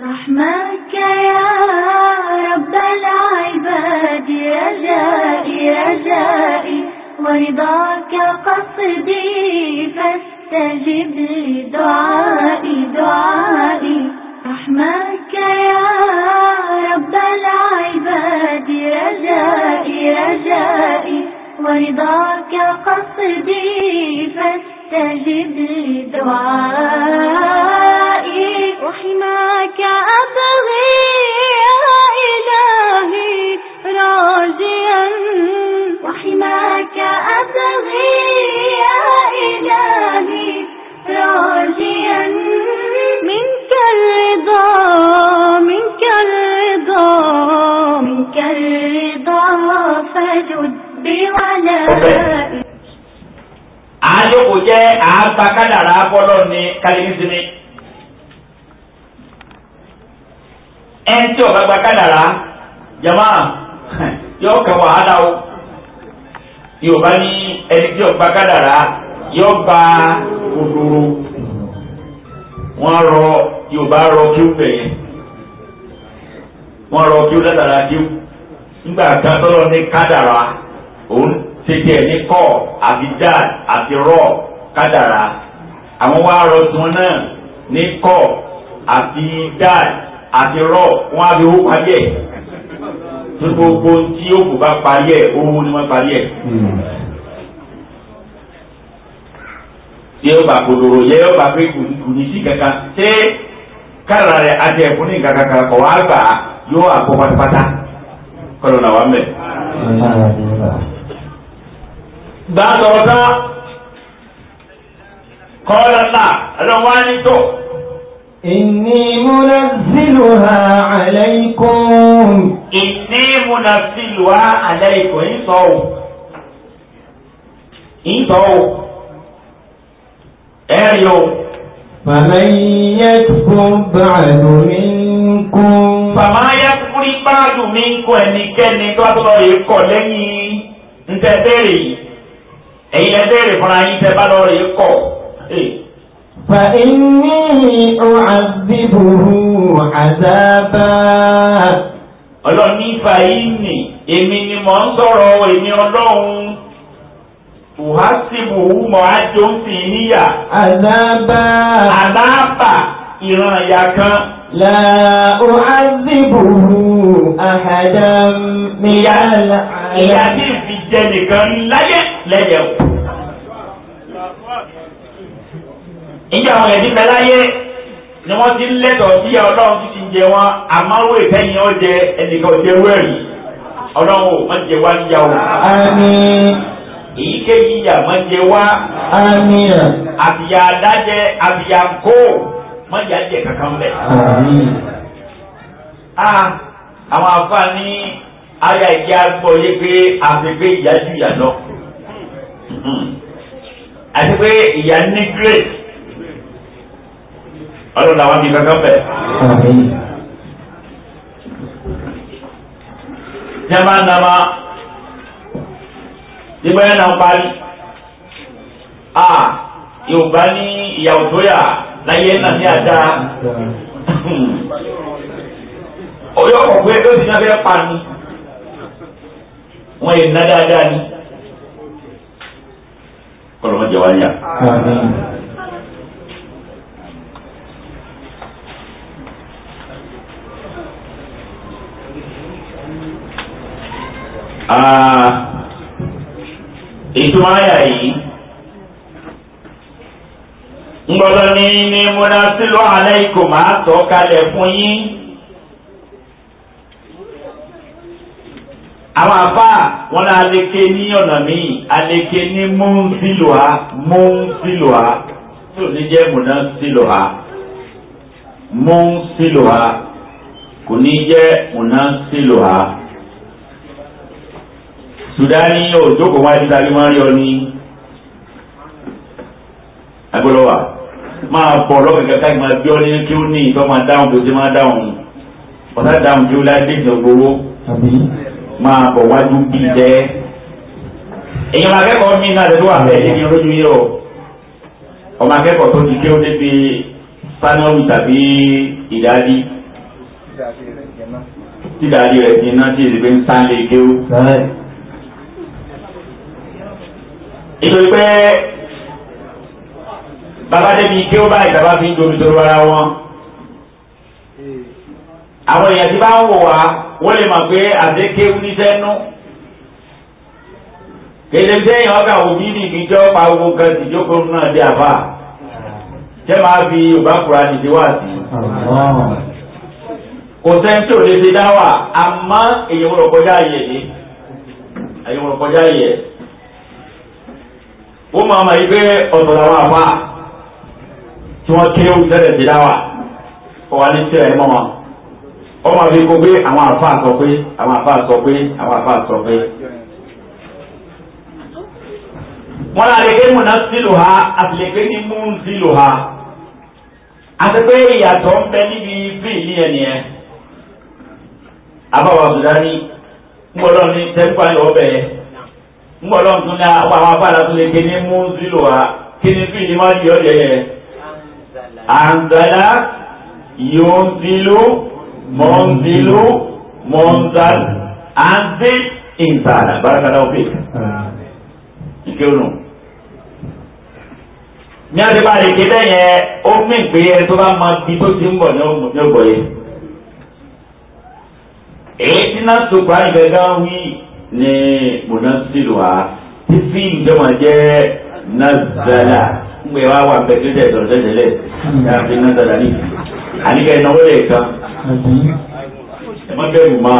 رحمك يا رب العباد رجائي رجائي ورضاك قصدي فاستجب لدعائي دعائي رحمك يا رب العباد رجائي رجائي ورضاك قصدي فاستجب لدعائي حكمك أبغي يا إلهي راجيا وحماك أبغي يا إلهي راجيا منك الرضا منك الرضا منك الرضا فجد بولائي àádókò jẹ́ àágbá kádàrá bọ́lọ́ ni kálífìsì ni ẹn tí ọba gba kádàrá yọọ yóò kẹ wàhálà o yorùbá ní ẹni tí ọba kádàrá yóò gba òdòrò wọn rọ yorùbá rọ kí ó fẹ yẹn wọn rọ kí ó dàdàrà kí ó nígbà ní kádàrá òun tètè ní kọ́ àti àti rọ kádàrá àwọn wa rọ tiwọn náà ní kọ́ àti rọ wọn á fi owó parí ẹ̀ tó gbogbo tí òkú bá parí ẹ̀ owó ni wọ́n parí ẹ̀. tí hmm. ó bá kodoro yẹ ó bá pé kò ní sí kankan ṣé kára rẹ̀ àti ẹ̀fún ní nǹkan kankan kọ̀ wá gbà yóò àpò pátápátá kọlọ̀ náà wà mẹ́. gbàtọ̀ ọ̀tá kọ́ ọ́ lọ́la ẹ̀rọ wá ní tó. إني منزلها عليكم إني منزلها عليكم إنتو إنتو أيو فمن يكفر بعد منكم فما يكفر بعد منكم ẹnikẹ́ni tó lọ yìí kọ̀ lẹ́yìn ntẹ́ bẹ́ẹ̀rẹ̀ yìí ẹ̀yin ẹ bẹ́ẹ̀rẹ̀ fúnra فإني أعذبه عذابا ọlọ́run ní fàyínì èmi ni mò ń sọ̀rọ̀ èmi ọlọ́run tùhásìbù mọ̀ ájò ń fi níyà. àdábà. àdábà ìran ìyá kan. la uhazibu ahadam min al. ìyá tí ìfi jẹ nìkan láyé lẹ́yẹ̀ níjà àwọn ẹbí fẹ́ láyé ni wọ́n ti lẹ́tọ̀ọ́ bí ọlọ́run ti ti jẹ wọn àmọ́wé ìtẹ́yìn ọ̀jẹ ẹnìkan ọ̀jẹ wẹ̀rì ọlọ́run ò má jẹ wá níjà o. àmín. èyíkéyìí ìyà má jẹ wá. àmín. àbíyá adájẹ àbíyá kó má yà jẹ kankan bẹ. àmín. a àwọn àǹfààní ayé ìjà gbọ́ yé pé àfẹ́gbé ìyá ju hmm. àti pé ìyá ní grace ọlọ́run làwọn bí kankan bẹ̀. jẹ́má nàmá jẹ́má yẹn náà parí a yorùbá ní ìyàwó tó yà láyé náà ní àdá oyè ọkọ̀ pé ó ti náà fẹ́ pa ni wọ́n yẹ ná dáadáa ni kọlọ́mọdé wa ń yà. ètò àyà yìí ngbọ́dọ̀ ní ní múnasílò aláìkò máa tọ́ kalẹ̀ fún yín. àwọn àbá wọn náà aleke ní ọ̀nà míì aleke ní múnsílòá múnsílòá tó ní jẹ́ múnasílòá múnsílòá kò ní jẹ́ múnasílòá sudani òjòkó wájú tàbí máa ń yọ ní agbọ́lọ́wà máa bọ̀ lọ́kẹ̀kẹ́ káyì máa bí ọ ní kí ó ní ìfẹ́ máa dáhùn bó ṣe máa dáhùn ọ̀tá dáhùn kí ó láyé dé ìjọba owó máa bọ̀ wájú bí jẹ́ èyàn máa kẹ́kọ̀ọ́ mi náà tẹ́tọ́ wà bẹ́ẹ̀ ní olójú yìí o ọmọ akẹ́kọ̀ọ́ tó ti kí ó débi sanọ́ọ̀lù tàbí ìdádí dídádí rẹ̀ ti ná sí ìdìbò ń sánlé kéwù nítorí pé bàbá débi kí ó báyìí bàbá fi ń domi toro ara wọn àwọn èèyàn tí bá ń wò wá wọ́n lè mọ̀ pé àdékéwú níṣẹ́ nú kéde sẹ́yìn ọ̀gá òbí ní ìgbìjọ́ pa owó kan sì jókòó náà dé àbá jẹ́ máa fi yorùbá kura nìdí wá sí i kò sẹ́ńtì ò lè ṣe dáwà àmọ́ èyí wọ́n lọ kọjá yẹ̀ ni èyí wọ́n lọ kọjá yẹ̀ ni ó máa ma yí pé ọ̀dọ̀ làwọn àfa tí wọ́n ké lẹ́rẹ̀ sí dáwà ó wà ní tíra ẹ̀ mọ́ wọn ó máa fi kó pé àwọn àfa sọ pé àwọn àfa sọ pé àwọn àfa sọ pé. wọ́n lè gbé múná sílò ha àti lè ní mú sílò ha àti pé ìyàtọ̀ ń bẹ níbi fíìlì ẹ̀ nìyẹn abáwọ̀ àbùdá ní ń gbọ́dọ̀ ní tẹ́gbà yọ̀ ọ́ bẹ̀yẹn ńgbọ́ lọ́n tún ní apá àwọn apá àtúntò lè kéde mú sílò wa kíni fi ni wọ́n di ọ̀dẹ̀ yẹn. àǹdàlá yóò ń sílò mọ̀ ń sílò mọ̀ ń sàl àǹdí ìǹtàlá bárakàlá òfin. ìkéwòn. ní ọdún bá lè kéde yẹn ó mí pé ẹ tó bá máa bí tó ti ń bọ̀ ní ọgbọ̀ yẹn. èyí tí náà tó gbà ìbẹ̀ gan wí ní mùnásílù wa tí fíìmù tó máa jẹ́ nazala ń gbé wá wà bẹ́ẹ̀ kéde ẹ̀dọ̀ tẹ́lẹ̀lẹ̀ yàtí nazala ní àníkẹ́ ìnáwó lè kan ẹ má bẹ̀rù mọ́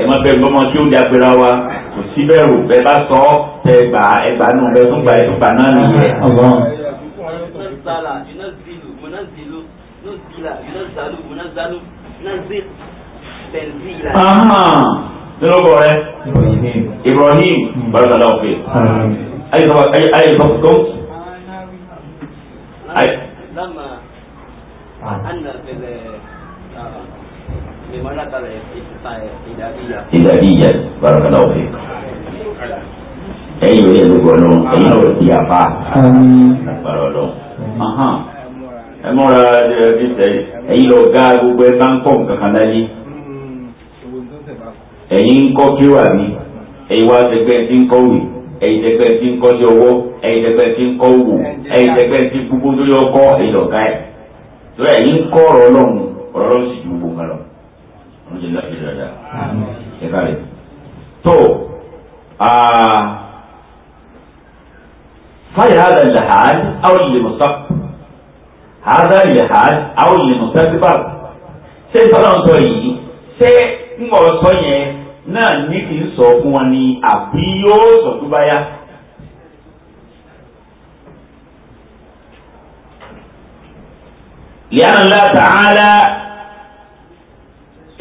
ẹ má bẹ̀rù bọ́mọ tí ó di agbèrè wa kò sí bẹ̀rù bẹ́ẹ̀ bá sọ tẹ gbà ẹgbà nù bẹ́ẹ̀ tún gbà ẹ̀ tún gbà náà nìyẹn. Aha. Dulu kau ni? Ibrahim. Ibrahim. Baru nak Ayo sama, ayo, ayo, ayo, ayo, anda ah, di mana tadi kita tidak dia tidak dia baru kalau ni ayo ya lu gua siapa amin baru lo maha emora dia dia ayo gagu be bangkong ke kanali ẹ̀yin ń kọ́ kíwà ni ẹ̀yin wá tẹgbẹ́ tí ń kọ́ wì ẹ̀yin tẹgbẹ́ tí ń kọ́ lé ọwọ́ ẹ̀yin tẹgbẹ́ tí ń kọ́ wò ẹ̀yin tẹgbẹ́ tí gbogbo tó yọ kọ́ ẹ̀yin lọ́ka ẹ̀ tó ẹ̀yin ń kọ́ ọ̀rọ̀ ọlọ́run ọ̀rọ̀ ọlọ́run sì ju gbogbo nǹkan lọ. wọ́n ti lọ sí ìdájà ẹ káàlẹ̀. tó fáyà hàdà lẹ́hàn àwọn lè mọ̀sá hàdà lẹ́hàn àwọn lè mọ̀sá ti bá ṣé ìfọlọ́n sọ yìí ṣé ń wọ̀ sọ yẹn náà ní kì í sọ fún wọn ni àbí yóò sọ tó bá yá. لأن الله تعالى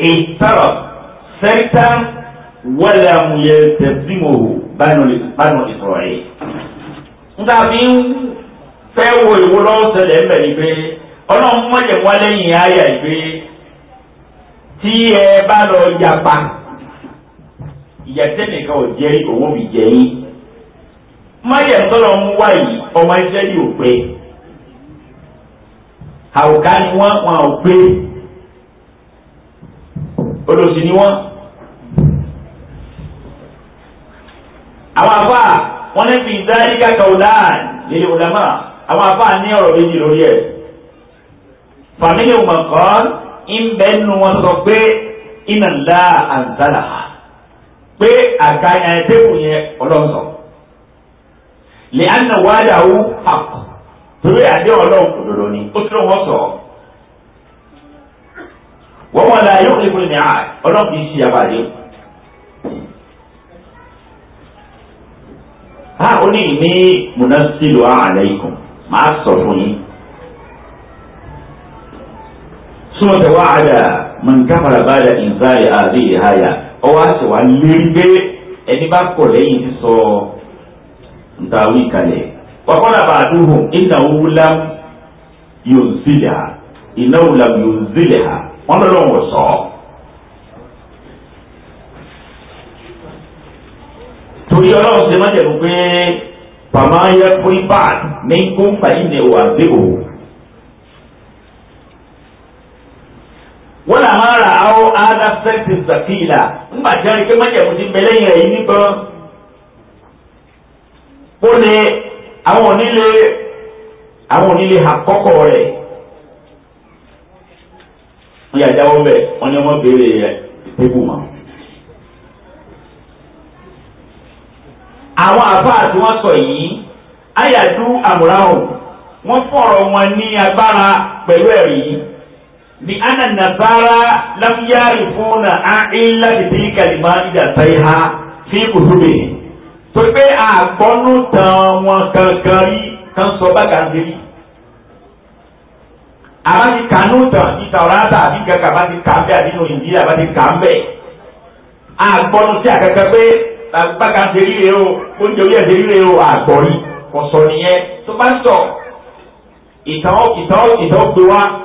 اعترف سيتا ولم يلتزمه banu israel nga fi ń fẹ́ wo ìwo lọ́wọ́ sẹlẹ̀ ń bẹ̀ yìí pé ọlọ́run mọ̀jẹ̀ wọ́n lẹ́yìn ayà yìí pé tí ẹ bá lọ yapa ìyàtẹ́nìkan ò jẹ́rí òun fi jẹ́ yín máyà tọ́lọ̀ ń wá yìí ọmọ iṣẹ́ yìí ò pé àwòká ni wọ́n wọn ò pé olóòsì ni wọ́n. àwọn afa wọn lè fi ìdáríkà kàwùdáàn lèlè ọ̀dàmà àwọn afa ní ọ̀rọ̀ méjì lórí ẹ̀ fàmílì ọmọkàn ń bẹ́ẹ̀ nu wọn sọ pé iná ńlá àǹtálà pé àga ẹ̀ẹ́dẹ́kù yẹn ọlọ́run sọ. lè á nà wáyà ó hàp torí àdé ọlọ́run kò lòlò ní ó tún wọ́n sọ. wọ́n wọn la yóò lè fún mi à ọlọ́run kì í ṣe abàdé. ha ó ní ìní múnásílò àlẹ́ ikùn máa sọ fún yín. súnmọ́ tẹ̀ wá àdá mọ̀nkàfàlà àbí ìháyà ọwọ́ àti wà lérí pé ẹni bá kọ̀ lẹ́yìn sísọ ntàwí kalẹ̀ wàkọ́lá bá a dúró iná wúlá yóò zílẹ̀ ha iná wúlá yóò zílẹ̀ ha wọ́n lọ́dọ̀ wọ̀ sọ. torí ọlọ́run ṣe má jẹ̀bú pé pàmáyé fún ibà ní kó fàyín ní wà dé òun. ada sẹ́ẹ̀tì sàkìlà ńgbà tí wọ́n rí pé májèmú ti bẹ lẹ́yìn yìí nìkan. ó ní àwọn onílé àwọn onílé àkọ́kọ́ rẹ̀ wọ́n yà bẹ̀ wọ́n ní wọ́n béèrè rẹ̀ mọ́. àwọn àfáà tí wọ́n sọ yìí àyàdú àmúráhùn wọ́n fọ̀rọ̀ wọn ní agbára pẹ̀lú ni ana nasara lam yarifuna illa bi kalima ida taiha fi kutube tó pé agbonu tan wọn kankan rí kan sọ bákan dé rí àwọn ti kànú tàn ní tàwọrátà àbí kankan bá ti kàn bẹ àbí nù ìdílé àbá ti kàn bẹ agbonu sí àkàkà pé bákan dé rí o oúnjẹ orí ẹ̀ dé o àgbọ̀rí kò sọ tó bá sọ ìtàn ìtàn ìtàn gbé wá.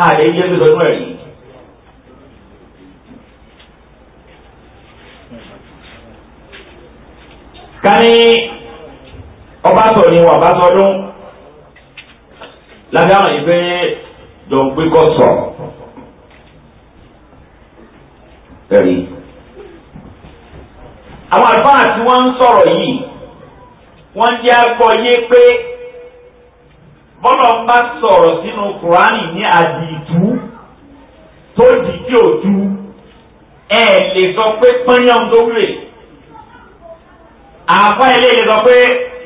ààrẹ yẹ pé sọdún ẹ̀rí. kání ọba sọ ni wọn ọba sọdún lábẹ́ àwọn yìí pé jọ̀ǹgbé kọ́ sọ ẹ̀rí. àwọn àlùfáà tí wọ́n ń sọ̀rọ̀ yìí wọ́n jẹ́ àgbọ̀ pé bọ́lọ̀ ń bá sọ̀rọ̀ sínú kùránì ní àdìtú tó dì tí ò tú ẹ lè sọ pé pọ́nyán tó wúlè àfa ilé lè sọ pé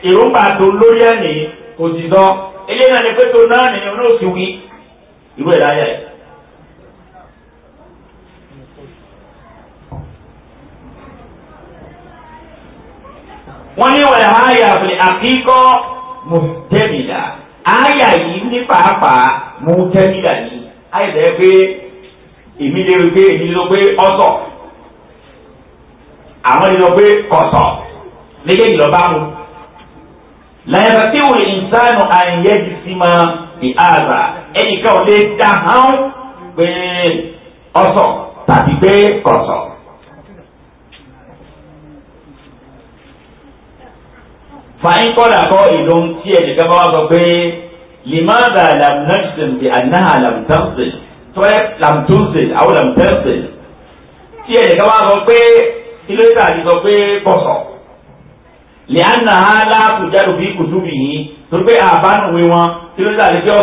èròǹgbà tó lórí ẹ̀mí kò sì sọ ilé náà ni pé tó náà nìyẹn ní òsì wí ìwé ìdáyà yìí. wọ́n ní wàhálà àfìlẹ̀ àkíkọ́ mọ̀tẹ́mìlá. Aya yìí ní pàápàá mo tẹ́ nílà ní àyà tẹ́ pé èmi lè rí pé èmi lọ pé ọ̀tọ̀ àwọn lè lọ pé kọ̀tọ̀ méjèèjì lọ bá mu. lẹ́yìn tí wò ìsánù àyẹ̀yẹ́ ti sí ma ní àgbà ẹnìkan ò lè dá pé ọ̀tọ̀ tàbí pé kọ̀tọ̀. fàyín kọ́dà kọ́ ìdùn tí ẹnìkan bá wà sọ pé limaza lam nafsin bi annaha lam tafsin tọ́lẹ̀ lam tafsin àwọn lam tafsin tí ẹnìkan bá sọ pé ilé ìtàgé sọ pé kọ̀sọ̀ lẹ́yìn náà lákùjáde bí kùtùbì yìí torí pé àbánuwe wọn tí ló dàbí tí ó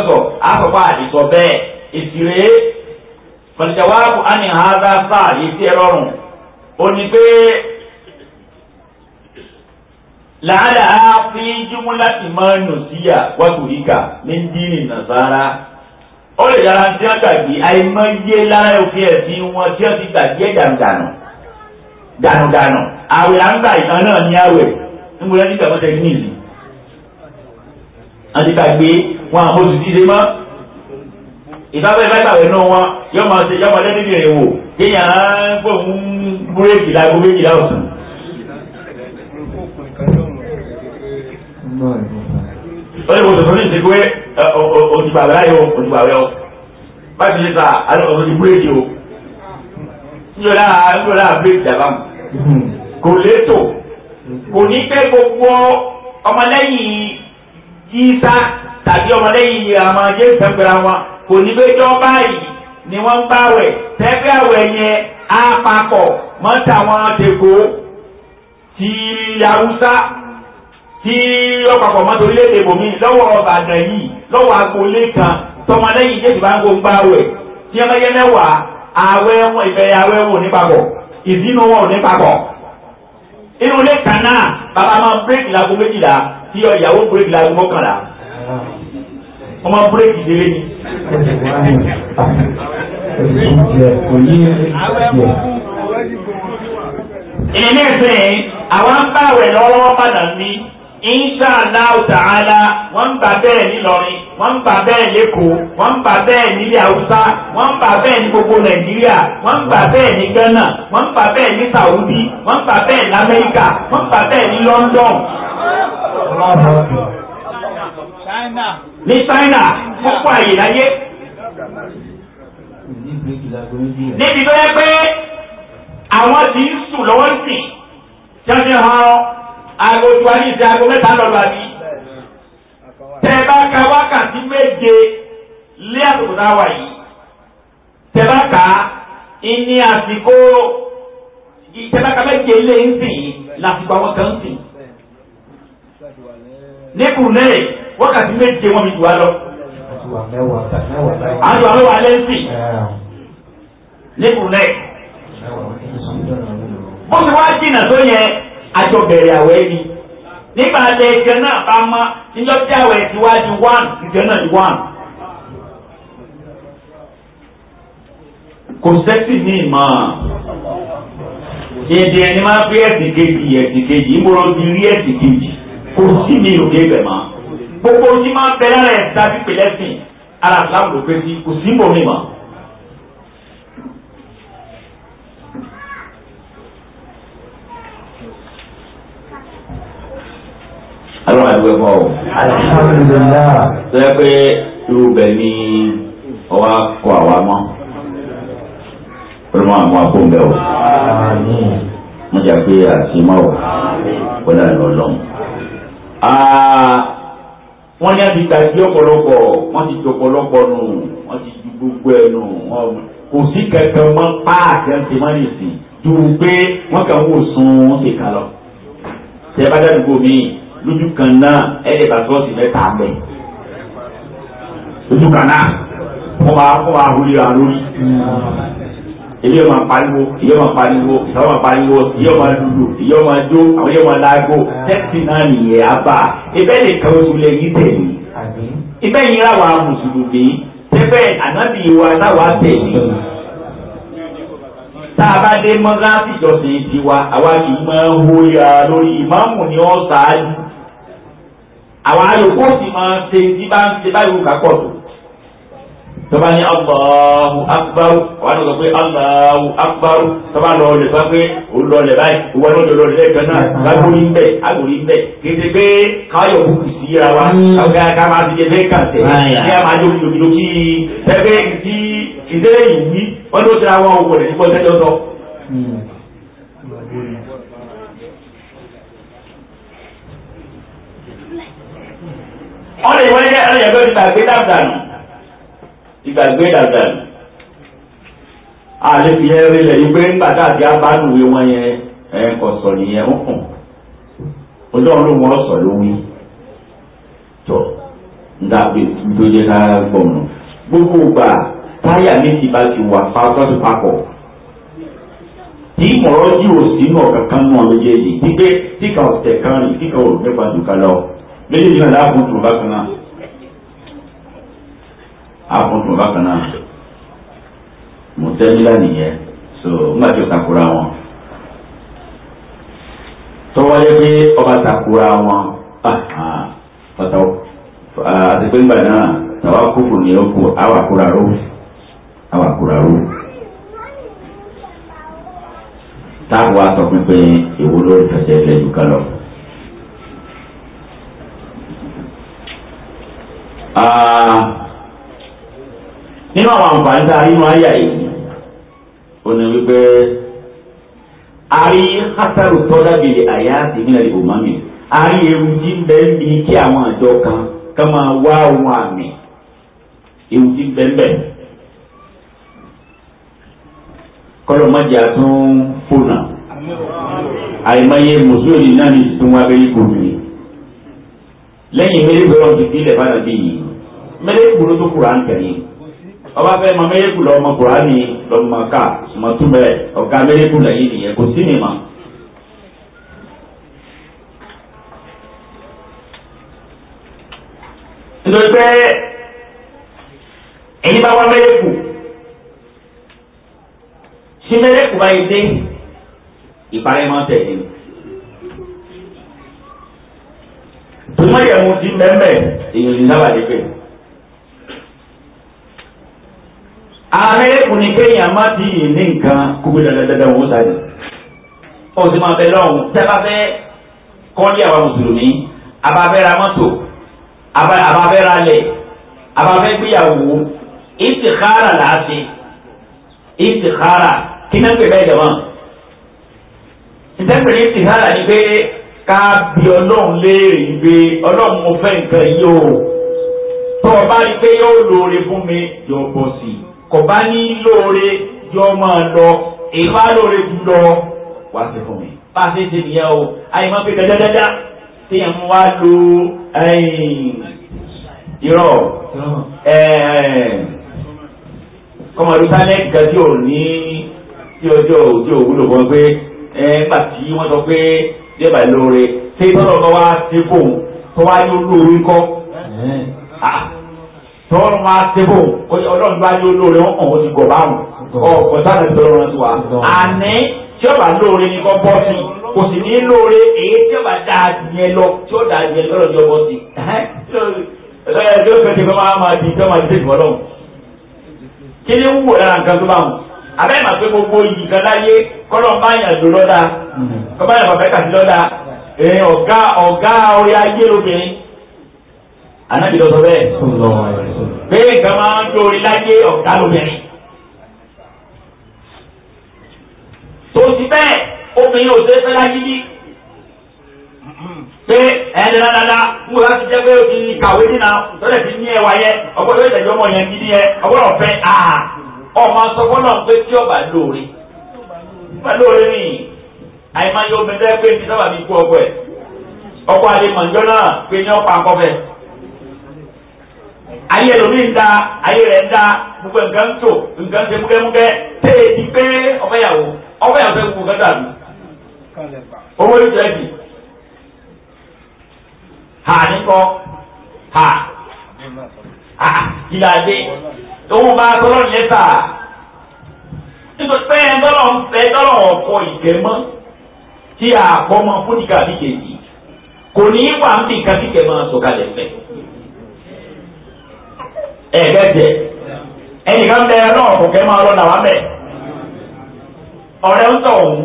sọ bẹ́ẹ̀ ìsìrè pẹ̀lú jawaabu àni hàdá sáà yìí tí ẹ ó ní pé làálà á fi jùmúlá ìmọ̀ọ́nù síyà wàtúríkà ní dínì nàzàrà. ó lè yára tí wọ́n gbàgbé àìmọye lára òfin ẹ̀sìn wọn tí wọ́n ti gbàgbé dànùdànù dànùdànù àwẹ̀ à ń gbà ìtàn náà ní àwẹ̀ níbo lẹ́ni ìgbà mọ́tẹ́ ní ìlú. àti gbàgbé wọn àmọ́ oṣù dídé mọ́ ìtàwé ìfẹ́tàwé náà wọn yọmọ lẹ́ni ìrìn wò kéèyàn á fóun búrẹ́kì láago méjìlá ọ̀sán ó lè wo tòtò ní ìsìnkú òtùgbà rẹ o òtùgbà rẹ o bá ti ṣe ta òtùgbà búrẹ́dì o nígbà nígbà búrẹ́dì dàbà mu kò létò kò ní pẹ́ gbogbo ọmọlẹ́yìn yíṣá tàbí ọmọlẹ́yìn àmọ́jẹ́ ìfẹ́gbẹ̀rẹ̀ wọn kò ní pẹ́ jọ́ báyìí ni wọ́n ń bá wẹ̀ tẹ́gbẹ́ àwẹ̀ yẹn á papọ̀ mọ́tà wọn tẹ̀kọ́ Haúsá tí ọ̀pọ̀pọ̀ mọ́tò orílẹ̀-èdè bòmí lọ́wọ́ ọ̀bàdàn yìí lọ́wọ́ agboolé kan tọmọlẹ́yìn jẹ́sì bá ń gbóngbá wẹ̀ tí ẹ bá yẹ mẹ́wàá àwẹ̀ wọn ìbẹ̀rẹ̀ àwẹ̀ wọn ò ní papọ̀ ìdínú wọn ò ní papọ̀. inú ilé kan náà bàbá máa bírèkì láago méjìlá tí ìyàwó bírèkì láago mọ́kànlá wọ́n máa bírèkì délé ni. ìní ẹ̀sìn àwọn báwẹ̀ lọ́wọ́ bàdàn ní inshallah ta'ala wọ́n ń bà bẹ́ẹ̀ nílọrin wọ́n ń bà bẹ́ẹ̀ lẹ́kọ̀ọ́ wọ́n ń bà bẹ́ẹ̀ nílẹ̀ haúsá wọ́n ń bà bẹ́ẹ̀ ní gbogbo nàìjíríà wọ́n ń bà bẹ́ẹ̀ ghana wọ́n ń bà bẹ́ẹ̀ saudi wọ́n ń bà bẹ́ẹ̀ ní amẹ́ríkà wọ́n ń bà london. ní china gbogbo àyè láyé. níbi tó yẹ pé àwọn ti ń sùn lọ́wọ́ sí jẹ́jẹ́ hàn aago tí wàá ní ìsẹ́ aago mẹ́ta lọ́dọ̀ àbí. tẹ bá ka wákàtí méje lé àtòkò tá a wà yìí tẹ bá ka ìní àsìkò tẹ bá ka méje lé ń sìn yìí làsìkò àwọn kan wákàtí méje wọn mi jù wá lọ. àjọ àlọ́ wa lẹ́ ń sìn bó ti wá jìnnà tó yẹ àjọ bẹ̀rẹ̀ àwẹ̀ ni nígbà tẹ ìjẹ náà bá mọ níjọ tí àwẹ̀ ti wá ju one ìjẹ náà ju one. kò sẹ́sì ní ìmọ̀ èdè ẹni máa fi ẹ̀sìn kejì ẹ̀sìn kejì ìgboro ti rí ẹ̀sìn kejì kò sí mi ò débẹ̀ mọ́ gbogbo ojú máa ń bẹ lára ẹ̀ sábì pẹ̀lẹ́sìn ara àtàwọn olùgbèsì kò sí mbọ̀ mi mọ́. alọ́wọ́ àdúgbò fún ọ. alhamdulilayi. tó yẹ pé irú bẹ́ẹ̀ ni ọwọ́ kọ àwa mọ́ olùmọ̀ àwọn akóńbẹ́ o. wọ́n jà pé àti mọ́ o wọ́n dà lọ lọ́mù. wọ́n ní àti gbàgbé ọ̀pọ̀lọpọ̀ wọ́n ti jọpọ̀lọpọ̀ nù wọ́n ti ju gbogbo ẹ̀ nù kò sí kankan mọ́ páàkì ẹ̀ ń ṣe má nìsín pé wọ́n kàn ń wò sún ó sì kà lọ. tẹ́ bá dàdúgbò míì lójú kan náà ẹ̀ẹ́dẹ̀ bá sọ́ọ̀sì mẹ́ta mẹ́ lójú kan náà wọ́n máa wọ́n máa wuli ra lórí ilé ọmọ pariwo ilé ọmọ pariwo ìsọ̀rọ̀ ọmọ pariwo ilé ọmọ lulu ilé ọmọ jó àwọn ilé ọmọ láago tẹ́tì náà nìyẹn abá ibẹ̀ nìkan oṣù lè yí tẹ̀lé ibẹ̀ yìí làwọn mùsùlùmí tẹ́fẹ́ ànábì wa táwa tẹ̀lé tá a bá dé mọ́sáàsì ìjọsìn tiwa àwa kì í máa ń hó ya lórí ìmáàmù ni ó ṣáájú àwọn àlòkù sì máa ṣe tí bá ń ṣe báyìí wùkà pọ̀ tó tọ́ba ní Allahu akbar wàá lọ sọ pé Allahu akbar tọ́ba lọ lè sọ pé òun lọ lè báyìí ìwọ ló lọ lè lẹ́ẹ̀kan náà lágbórí ń bẹ̀ agbórí ń bẹ̀ kété pé káyọ̀ kúkú sí ra wa káyọ̀ hmm. ká máa ti jẹ fẹ́ kà kí a máa jókòó lókìló kí tẹ́fẹ́ kí ìdẹ́rẹ́ wí wọ́n ló ti ra òwò rẹ̀ nípa wọ́n lè wọ́n lé ẹ̀rọ yẹn lórí ìgbàgbé dàdànù ìgbàgbé dàdànù. àlè fi yẹn rí lẹ̀ yìí pé nígbà tá àti abánuwe wọn yẹn ẹ̀ kọ̀ sọ̀ nìyẹn ń kùn ojú ọ̀run ló wọ́n sọ̀ ló wí tọ̀ ndàbí ìdóye náà gbọ̀nù gbogbo gbà táyà méjì bá ti wà fáwọn papọ̀ tí mọ̀rọ́ yìí ò sínú ọ̀kankan náà méjèèjì tí pé tí kan ọ̀tẹ̀ kan rí tí kan ò nípa dùkà lọ méjèèjì náà dáàbò tó bákan náà àbò tó bákan náà mọ̀tẹ́lá nìyẹn so ńgbà tí o takora wọn tọ́wọ́ yẹ pé ọba takora wọn àti pé ńgbà náà tàwa kúkú ní o kú àwa kúra ró àwa kúra ró táwọn asọ̀pin pé ìwúlò ìfẹsẹ̀ ìfẹ́ jù lọ. nínú àwọn àǹfààní tá a nínú àyà yìí ó ní wípé a rí hátàrù tọ́lábìlì àyà àti a rí ewu jí ń bẹ ń kí àwọn àjọ kan ká máa wá ohun àmì ewu jí ń kọlọ má jẹ àtún fònà àìmọye mùsùlùmí náà ní tuntun bẹ́ẹ̀ lẹ́yìn mẹ́rin bẹ́ẹ̀ wọ́n ti mẹ́lẹ́kù ló tó Kùránì kẹ́yìn ọba fẹ́ ma mẹ́lẹ́kù lọ ọmọ Kùránì lọ́mọ ká sùmọ́túbẹ̀ ọ̀gá mẹ́lẹ́kù lẹ́yìn nìyẹn kò sí mi mọ́. nítorí pé èyí bá wá mẹ́lẹ́kù tí mẹ́lẹ́kù bá yẹ dé ìparẹ́ máa tẹ̀lé ni. tòmọ́yẹ̀mú ti mẹ́mẹ́ èyí ò ní sábà dé pé. ààrẹ kò ní pé yàn má ti yìn ní nǹkan kó gbé dandandandan wò sáyẹn ó sì máa bẹ lọ́hùn tí a bá fẹ́ kọ́lé àwa mùsùlùmí a bá fẹ́ ra mọ́tò a bá fẹ́ ra lẹ̀ a bá fẹ́ gbéyàwó ìtìkára làásì ìtìkára kí náà pè bẹ́ẹ̀ dẹ̀wọ̀n ìtẹ́pẹ̀lẹ́ ìtìkára ni pé ká bi ọlọ́run léèrè gbé ọlọ́run mo fẹ́ nǹkan yìí o tó o bá rí i pé yóò lóore fún mi yóò bọ́ sí i kò bá ní lóore yọ máa lọ èyí bá lóore jù lọ wá sí fún mi. bá a ṣe ṣe nìyẹn o àyè máa fi dáadáa tí yẹn mú wá lo irọ́ kọ́mọdé sálẹ̀ gíga ò ní tí ọjọ́ òjò òwúlò kan pé nígbà tí wọ́n sọ pé débà lóore ṣé tọ́lọ́ kan wá sí fóun tó wá yóò lóore kọ́ tọ́wọ́n máa débò ọlọ́run bá yóò lóore wọn kàn ó ti gọ̀ báwọn ọ̀pọ̀ sáà ti lọ́rọ̀ ti wà. àní tí ọba lóore ni kọ́ bọ́ sí kò sì ní lóore èyí tí ọba dá yẹn lọ tí ó dá yẹn lọ́rọ̀ ni ọbọ̀ sí. ẹ yóò fẹ́ kí wọ́n máa máa di kí wọ́n máa di ìwọ́n lọ́wọ́. kí ni wúwo lára nǹkan tó bá wọn. àbẹ́ máa pé gbogbo yìí kan láyé kọ́lọ́ bá yàn lọ lọ́dà mm-hmm. kọ́ bá yàn bàbá kàti lọ́dà ọ̀gá ọ̀gá orí ayé lóbìnrin anabi lọ sọ bẹ́ẹ̀ pé nǹkan máa ń dórí láyé ọ̀gá lóbìnrin tó ti bẹ́ẹ̀ obìnrin ò ṣe fẹ́ láyé bí pé ẹni dáadáa ń wọ́n ti jẹ́ pé o ti kàwé nínà sọ́dẹ̀ ti ní ẹwà yẹ ọgbọ́dọ̀ ìtẹ̀jọ́ ọmọ yẹn gidi yẹ ọgbọ́dọ̀ fẹ́ àhà ọmọ sọgbọ́n náà pé tí ọba lóore ọba lóore nìyí àyè máa yọ obìnrin tẹ́ pé ní sábà mi kú ọkọ ẹ̀ ọkọ àlè mọ̀jọ́ náà pé ní ọ̀pá ayé lomi ń da ayé rẹ̀ ń da gbogbo nǹkan tó nǹkan ṣe múkẹ́múkẹ́ téè e ti pé ọ̀fẹ́yàwó ọ̀fẹ́yàwó fẹ́ gbogbo kẹta mi owó ìjọ ẹ̀jì ha níkọ ha ha ìlàdé òun bá tọ́lọ́ lẹ́tà nítorí pé ẹ̀ tọ́lọ̀ ń fẹ́ tọ́lọ̀ ọ̀pọ̀ ìgbẹ́mọ́ tí a kọ́ mọ́ fún ìkàbíkèjì kò ní í wà ń bí ìkàbíkè máa sọ̀kalẹ̀ fẹ́ ẹ̀ẹ́dẹ́ jẹ ẹnìkan bẹ náà kò kẹ́ máa lọ nà wá mẹ́ ọ̀rẹ́ ń tọ̀ ọ̀hún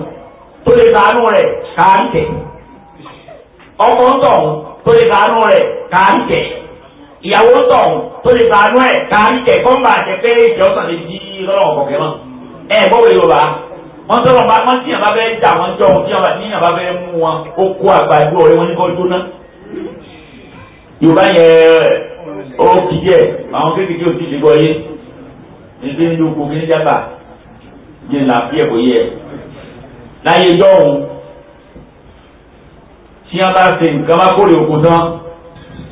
tó lè sàánú rẹ̀ kàá ń tẹ̀ ọkọ ń tọ̀ ọ̀hún tó lè sàánú rẹ̀ kàá ń tẹ̀ ìyàwó ń tọ̀ ọ̀hún tó lè sàánú ẹ̀ kàá ń tẹ̀ kọ́ńbà àti péré ìjọsìn lè di lọ́wọ́ kọ̀kẹ́ náà ẹ̀ gbọ́wé yorùbá wọ́n tọrọ bá wọ́n tíyàn bá bẹ́ẹ̀ dà wọ́n jọ wọ́n tíyàn bá níyàn bá bẹ́ẹ̀ mú wọn ó kó àgbàdo ọ̀rẹ́ wọn ní kọ́ jóná yorùbá yẹn ó kí jẹ́ àwọn kékeré ò ti lè gbọ́ yé nígbè ń lóko kí ní jábà yé là bí ẹ̀kọ́ yẹ láyé jọ́hún tí wọ́n bá ṣe nǹkan bá kórè oko tán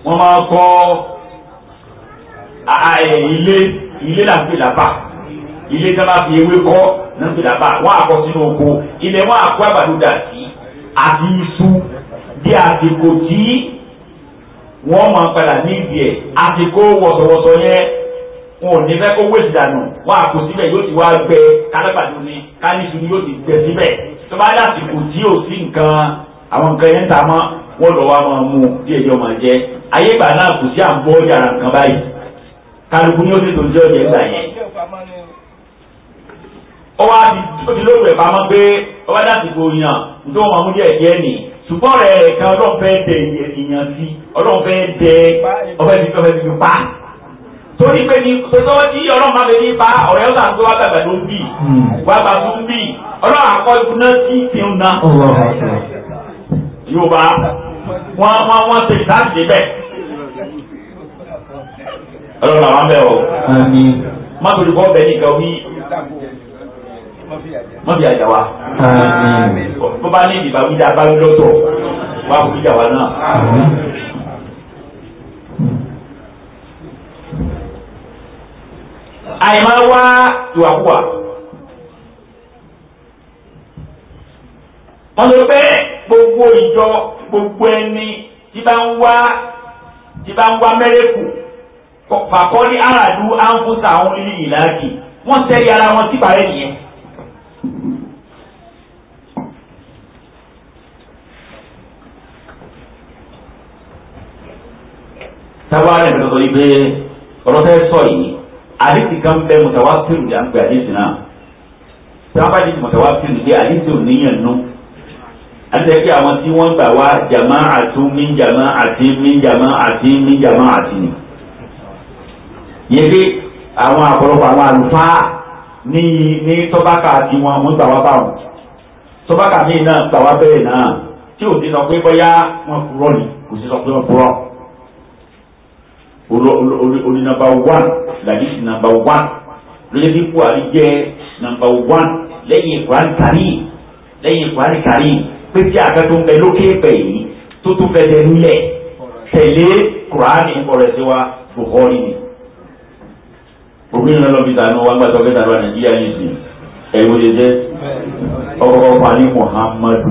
wọ́n máa kọ́ ilé ilé làǹfẹ̀ làbà ilé tí wọ́n bá fi ewé kọ́ làǹfẹ̀ làbà wọ́n á kọ́ sínú oko ilẹ̀ wọ́n á kó àgbàdo dà sí àti iṣu bí àsìkò tí wọ́n máa padà ní ìdí ẹ̀ àsìkò wọ̀sọ̀wọ̀sọ̀ yẹn wọn ò ní fẹ́ kó wéṣì dànù wọn àpò síbẹ̀ yóò ti wá gbẹ kálábàdún ni káníṣu ni yóò ti gbẹ síbẹ̀ tó bá dàsìkò tí ò sí nǹkan àwọn nǹkan yẹn ń ta mọ́ wọ́n lọ wá máa mú díẹ̀ díẹ̀ máa jẹ́ ayé ìgbà náà kò sí à yàrá nǹkan báyìí kálukú ni ó ti tòun jẹ́ ọ̀jẹ̀ ńlá yẹn. ó wá ti lóògùn ẹ̀fà máa gbé ó wá dàsìkò yàn nítorí wọn máa mú díẹ̀ díẹ̀ nì ṣùgbọ́n rẹ̀ kan ọlọ́fẹ́ tẹ̀ ìyàn sí ọlọ́run fẹ́ dẹ ọfẹ́ fi ọfẹ́ fi pa torí pé ní tọ́tọ́ tí ọlọ́run máa fi ní pa ọ̀rẹ́ ọ̀sà tó wá gbàgbà ló ń bì wá bá fún bì ọlọ́run akọ ìdúná sí ìfihàn náà yóò bá wọn wọn wọn ṣe ìdáǹdè bẹ́ẹ̀ ọlọ́run làwọn bẹ̀ ọ́ má torí kọ́ bẹ́ẹ̀ nìkan wí mọ bí àjà wa bó bá ní ìdìbò àwùjá bá lọ́tọ̀ bá àwùjá wa náà àìmá wá ìwàkúwà. wọ́n sọ pé gbogbo ìjọ gbogbo ẹni tí bá ń wá tí bá ń wá mẹ́rẹ́kù pàkọ́ ní aráàlú ánfúsà àwọn onílé ìlàkì wọ́n tẹ́lẹ̀ ara wọn sí bàrẹ́ nìyẹn. táwa rẹ̀ lọ́sọ̀ yìí pé ọ̀rọ̀ sọ yìí àdìsí kan bẹ mùtàwákìrù yà ń pè àdìsí náà sábà àdìsí mùtàwákìrù pé àdìsí ò níyàn nù àtẹ̀kẹ́ àwọn tí wọ́n gbà wá jàmá àtú mí jàmá àti mí jàmá àti mí jàmá àti ni. yẹ́pẹ́ àwọn àpọ̀lọpọ̀ àwọn àlùfáà ní ní tọ́bákà àti wọn wọ́n gbà wá báwọn tọ́bákà míì náà gbà wá bẹ́ẹ̀ náà tí ò ti sọ pé bóyá wọ́n kúrọ́ ni kò sí sọ pé wọ́n kúrọ́ orí nàmbà wán làdísì nàmbà wán lórí bí buhari jẹ́ nàmbà wán lẹ́yìn buhari kárí lẹ́yìn buhari kárí pé tí bẹ lókè bẹ̀ yìí tó tún bẹ tẹ nílẹ̀ tẹ̀lé kuraani ọ̀rẹ́ sí wa buhari ni. òkú yìí lọ́ọ́ wa gbàtọ́ kẹta lọ́wọ́ nàìjíríà yìí sí ẹ̀wọ̀n lè jẹ́ ọkọ̀ fani muhammadu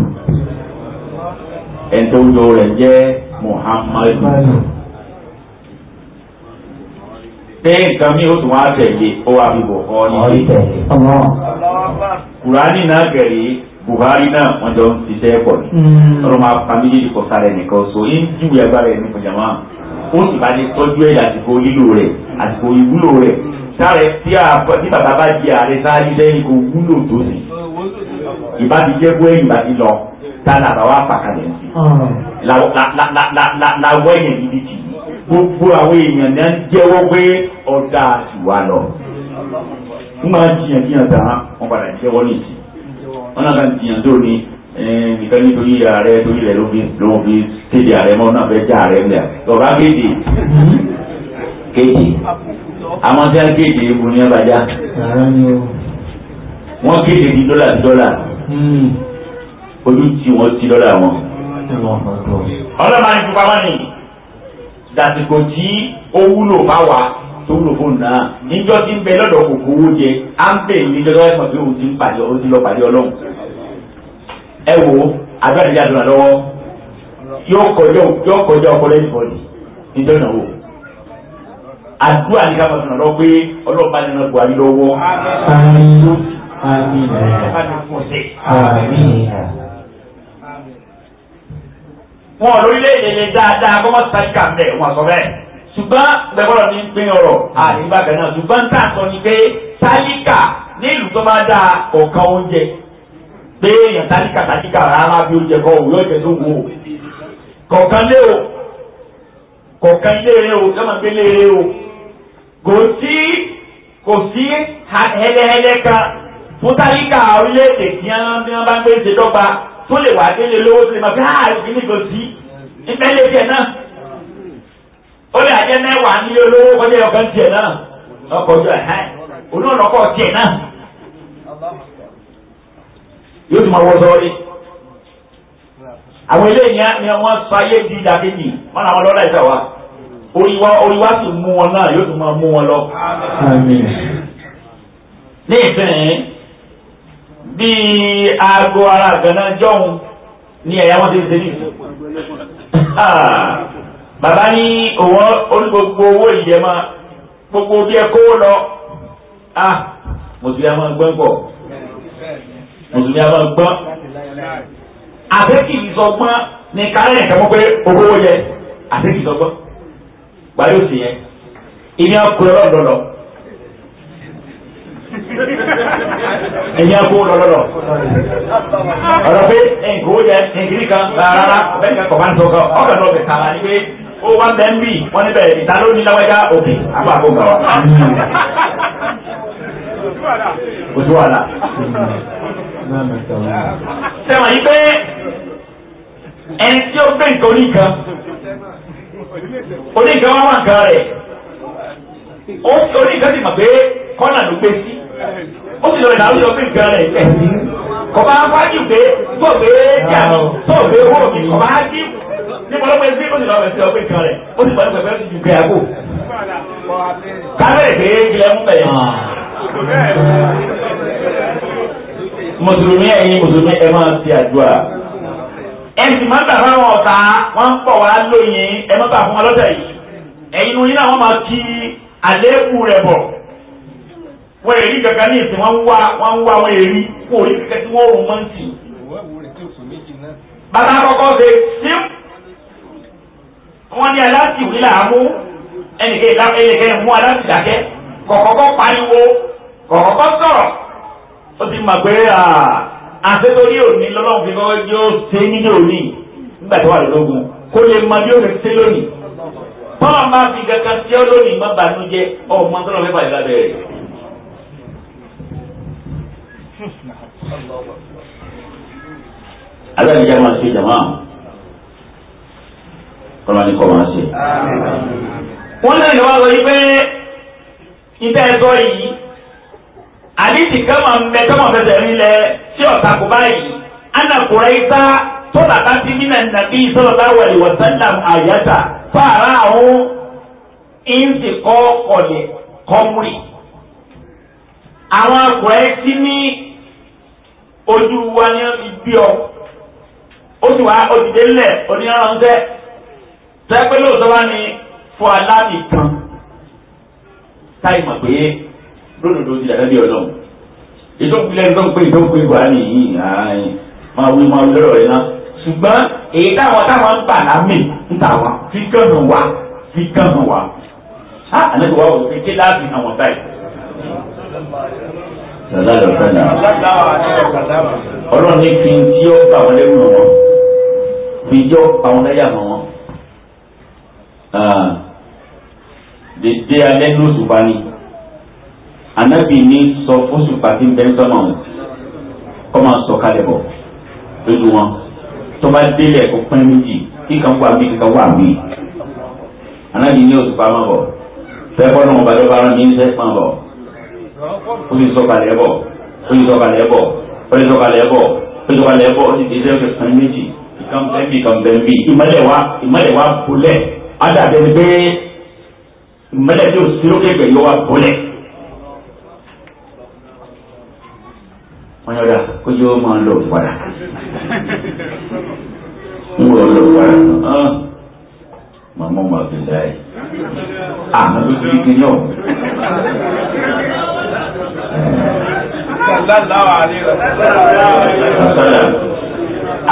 ẹ̀ńtọ́jọ́ rẹ̀ muhammadu tẹ́yìn nǹkan mi ó tún wá tẹ̀lé ó wá fi bọ̀ kọ́ ní ilé. kùránì náà gẹ̀rẹ́ buhari náà wọ́n jọ ń ṣiṣẹ́ pọ̀ ní. Hmm. ọ̀rọ̀ máa pa méjèèjì kọ sára ẹnìkan so yín júwèé agbára ẹni kọjá máa ó sì bá ní tọ́jú ẹ̀ àsìkò lílo rẹ̀ àsìkò ìwúlò rẹ̀ sáré tí bàbá bá di ààrẹ sáájú lẹ́yìn kò wúlò tó sì ìbá ti jẹ́ bóyá ìbá ti lọ tálà àbáwá pàkàlẹ̀ sí làwọ̀ ẹ̀yìn ibi kì í gbogbo àwọn èèyàn náà jẹ́wọ́ pé ọ̀dà àtiwá lọ. wọ́n máa jiyàn jiyàn tán wọ́n padà jẹ́wọ́ nìyí. wọ́n náà kàn jiyàn tó ní nìkan nítorí ààrẹ torí rẹ̀ ló fi kéde ààrẹ mọ́ náà fẹ́ já ààrẹ mẹ́à. ọ̀gá kéde kéde àmọ́ tí wọ́n kéde ewu ní ọ̀bàjá. wọ́n kéde ní dọ́là dọ́là ojú tí wọ́n ti dọ́là wọn. ọlọ́mọ àti fipá wọn ni dàsìkò tí ó wúlò bá wa tó wúlò fóònù náà níjọ́ tí ń bẹ lọ́dọ̀ kò kówó jẹ á ń bẹ̀ níjọ́ tó wáyé pàdé òun ti ń pàdé òun ti lọ pàdé ọlọ́run. ẹ wo àdúrà nílé àdúrà lọ́wọ́ yóò kọjá yóò kọjá ọpọlọ ìfọ̀dì níjọ́ náà wò. àdúrà ní ká fọ̀tún lọ pé ọlọ́ọ̀bá ní ọgbà yìí lọ́wọ́. wọn lórílẹ̀ èdè yẹn dáadáa kọ́mọ́tì tàbí kàmẹ́ wọn sọ bẹ́ẹ̀ ṣùgbọ́n gbẹ̀gbọ́dọ̀ ní pín ọ̀rọ̀ àdìbàgàn ah. ah, náà ṣùgbọ́n ń tàṣọ ni pé tálíkà nílùú tó bá dáa ọ̀kan oúnjẹ pé èèyàn tálíkà tálíkà rárá bí oúnjẹ kọ òwúrọ̀ jẹ tó wù ú kọ̀ọ̀kan lé o kọ̀ọ̀kan léere o kọ́mọ̀ pé léere o kò sí kò sí hẹlẹhẹlẹ kan fún tálíkà orílẹ̀-èdè tí wọ́n bá gbé ìṣèjọba tó lè wà délé lówó tó lè máa fi ah, ó lè àjẹ́ mẹ́wàá ní olówó kọjá ọ̀gá tiẹ̀ náà ọkọ̀jọ́ ẹ̀hán onú ọ̀nàkọ̀ tiẹ̀ náà yóò tún máa wọ sọ́ọ́rí. àwọn eléyìí ni wọ́n sọ ayé di wọn làwọn lọ́dà wa oríwá oríwá mú wọn náà yóò mú wọn lọ. ní ìsìn bíi aago ara ni ẹ̀yà wọn ti ń bàbá ní òwò onígbogbo owó ìyẹn máa gbogbo bí ẹ kó lọ a ah, mùsùlùmí a máa gbọ́n pọ̀ mùsùlùmí a máa gbọ́n àtẹ́kìlì sọgbọ́n ní kárẹ́ nìkan mọ́ pé owó yẹ àtẹ́kìlì sọgbọ́n gbàdúrà òsì yẹn ìní akúrẹ́ lọ́dọọdọ ẹ̀yin akó lọ́lọ́lọ́ ọ̀rọ̀ pé nǹkan ó yẹ nǹkan kan rárá bẹ́ẹ̀ ni kọ̀ọ̀kan tó kọ ọ̀dọ̀ lọ́ọ̀bẹ̀ tààrà ni pé ó wá bẹ́ẹ̀ bí wọ́n níbẹ̀ ìta ló ní láwájá òkè àbá àbúgbà wa. ojú àlà. sẹ́wọ̀n yìí pé ẹni tí ó gbé nǹkan oníkan oníkan wá wà nǹkan rẹ̀ oníkan ti mọ̀ pé kọ́nà ló gbé sí ó sì lọ rẹ̀ láwùjọ gbé nǹkan rẹ̀ tẹ̀ kọ́ bá wájú pé tó gbé jà tó gbé owó kọ́ bá jí. nípa lọ́pọ̀ ẹgbẹ́ ó sì lọ́pọ̀ ẹgbẹ́ ọgbẹ́ kan rẹ̀ ó sì pẹ̀lú pẹ̀lú ó sì ju gbẹ̀yà kù. kábẹ́rẹ́ pé ilẹ̀ ń bẹ̀. mùsùlùmí ẹ̀yin mùsùlùmí ẹ máa ti àdúrà. ẹ máa ń gbà fáwọn ọ̀tá wọ́n ń pọ̀ wá lóyìn yìí. ẹ̀yin oyin náà wọ́n máa àléébù rẹ̀ bọ̀. wọ́n ní ìsìn wọ́n ń wá wọ́n wọ́n ní aláàtì òní làámú ẹnìkẹ́ mú aláàtì dákẹ́ kọ̀kọ́kọ́ pariwo kọ̀kọ́kọ́ sọ̀rọ̀ ó ti mọ̀ pé àṣetorí òní lọ́lọ́run fi kọ́kọ́ yóò ṣe nílé òní nígbà tó wà lógun kó lè mọ bí ó lè ṣe lónìí bọ́ọ̀ máa fi kankan ṣe ọ́ lónìí má bànújẹ́ ọmọ tó lọ fẹ́ pàdé lábẹ́ rẹ̀. alábìyá máa ṣe jàmáà kọ́lá ní kọ́ máa ṣe. wọ́n náà ní wọ́n sọ wípé ìtẹ́ ẹ̀sọ́ yìí àdìsí kan máa ń bẹ tọ́mọ̀ fẹsẹ̀ nílẹ̀ tí ọ̀tà kò báyìí ánàkùnrin gbá tó bàbá sí nínà nàbí sallallahu alaihi wasallam àyàtà fáàrà àwọn ìǹsì kọ́ kọ̀lẹ̀ kọ́mùrì. àwọn akùnrin sí ní ojú wa ni wọ́n ọ ojú wa òdìdé lẹ̀ oníyanránṣẹ́ tẹ́pẹ́ lóòótọ́ wá ní fún aláàbì kan táì mọ̀ pé lódodo ti dàgbà bí ọlọ́run ìdókòlẹ́ ìdókòlẹ́ ìdókòlẹ́ ìwà nìyí ààyè máa wí máa wí lọ́rọ̀ yẹn náà ṣùgbọ́n èyí táwọn táwọn ń bà lámì ń tà wá fi kàn hàn wá fi kàn hàn wá á ànágbé wa wò ó fi ké láàbì àwọn báyìí. sàlálọ̀ sàlá ọlọ́run ní fi tí ó bà wọ́n lẹ́rù wọn fi jọ́ àwọn láyà mọ́ wọn. Ah. dèdè alẹ́ lóṣùpá ni anabi ní sọ fóṣùpá tí ń bẹ́ sọ́nà kọ́ máa sọ kalẹ̀ bọ̀ lójú wọn tó bá délẹ̀ kó pẹ́ méjì kíkan wà mí kíkan wà mí anabi ní òṣùpá máa bọ̀ fẹ́ bọ́ náà balẹ̀ bá mi ń sẹ́ máa bọ̀ ó sì sọ kalẹ̀ bọ̀ ó sì sọ kalẹ̀ bọ̀ ó sì sọ kalẹ̀ bọ̀ ó sì sọ kalẹ̀ bọ̀ ó sì délẹ̀ kó pẹ́ méjì kíkan bẹ́ẹ̀ bí kíkan bẹ́ẹ̀ bí ìmọ̀lẹ̀ wa ìmọ̀lẹ̀ wa bulẹ̀ adàbẹ̀ ni pé mẹlẹ́tì ò sí lókè pẹ̀lú wa bọ́lẹ̀. wọ́n yọ̀dà kó jẹ́ ó máa lọ padà ń wọ́n lọ padà ah, màmá ọmọ àbẹ̀lẹ̀ ayé ah, àmọ́ tó ti di náà. Sallallahu alayhi wa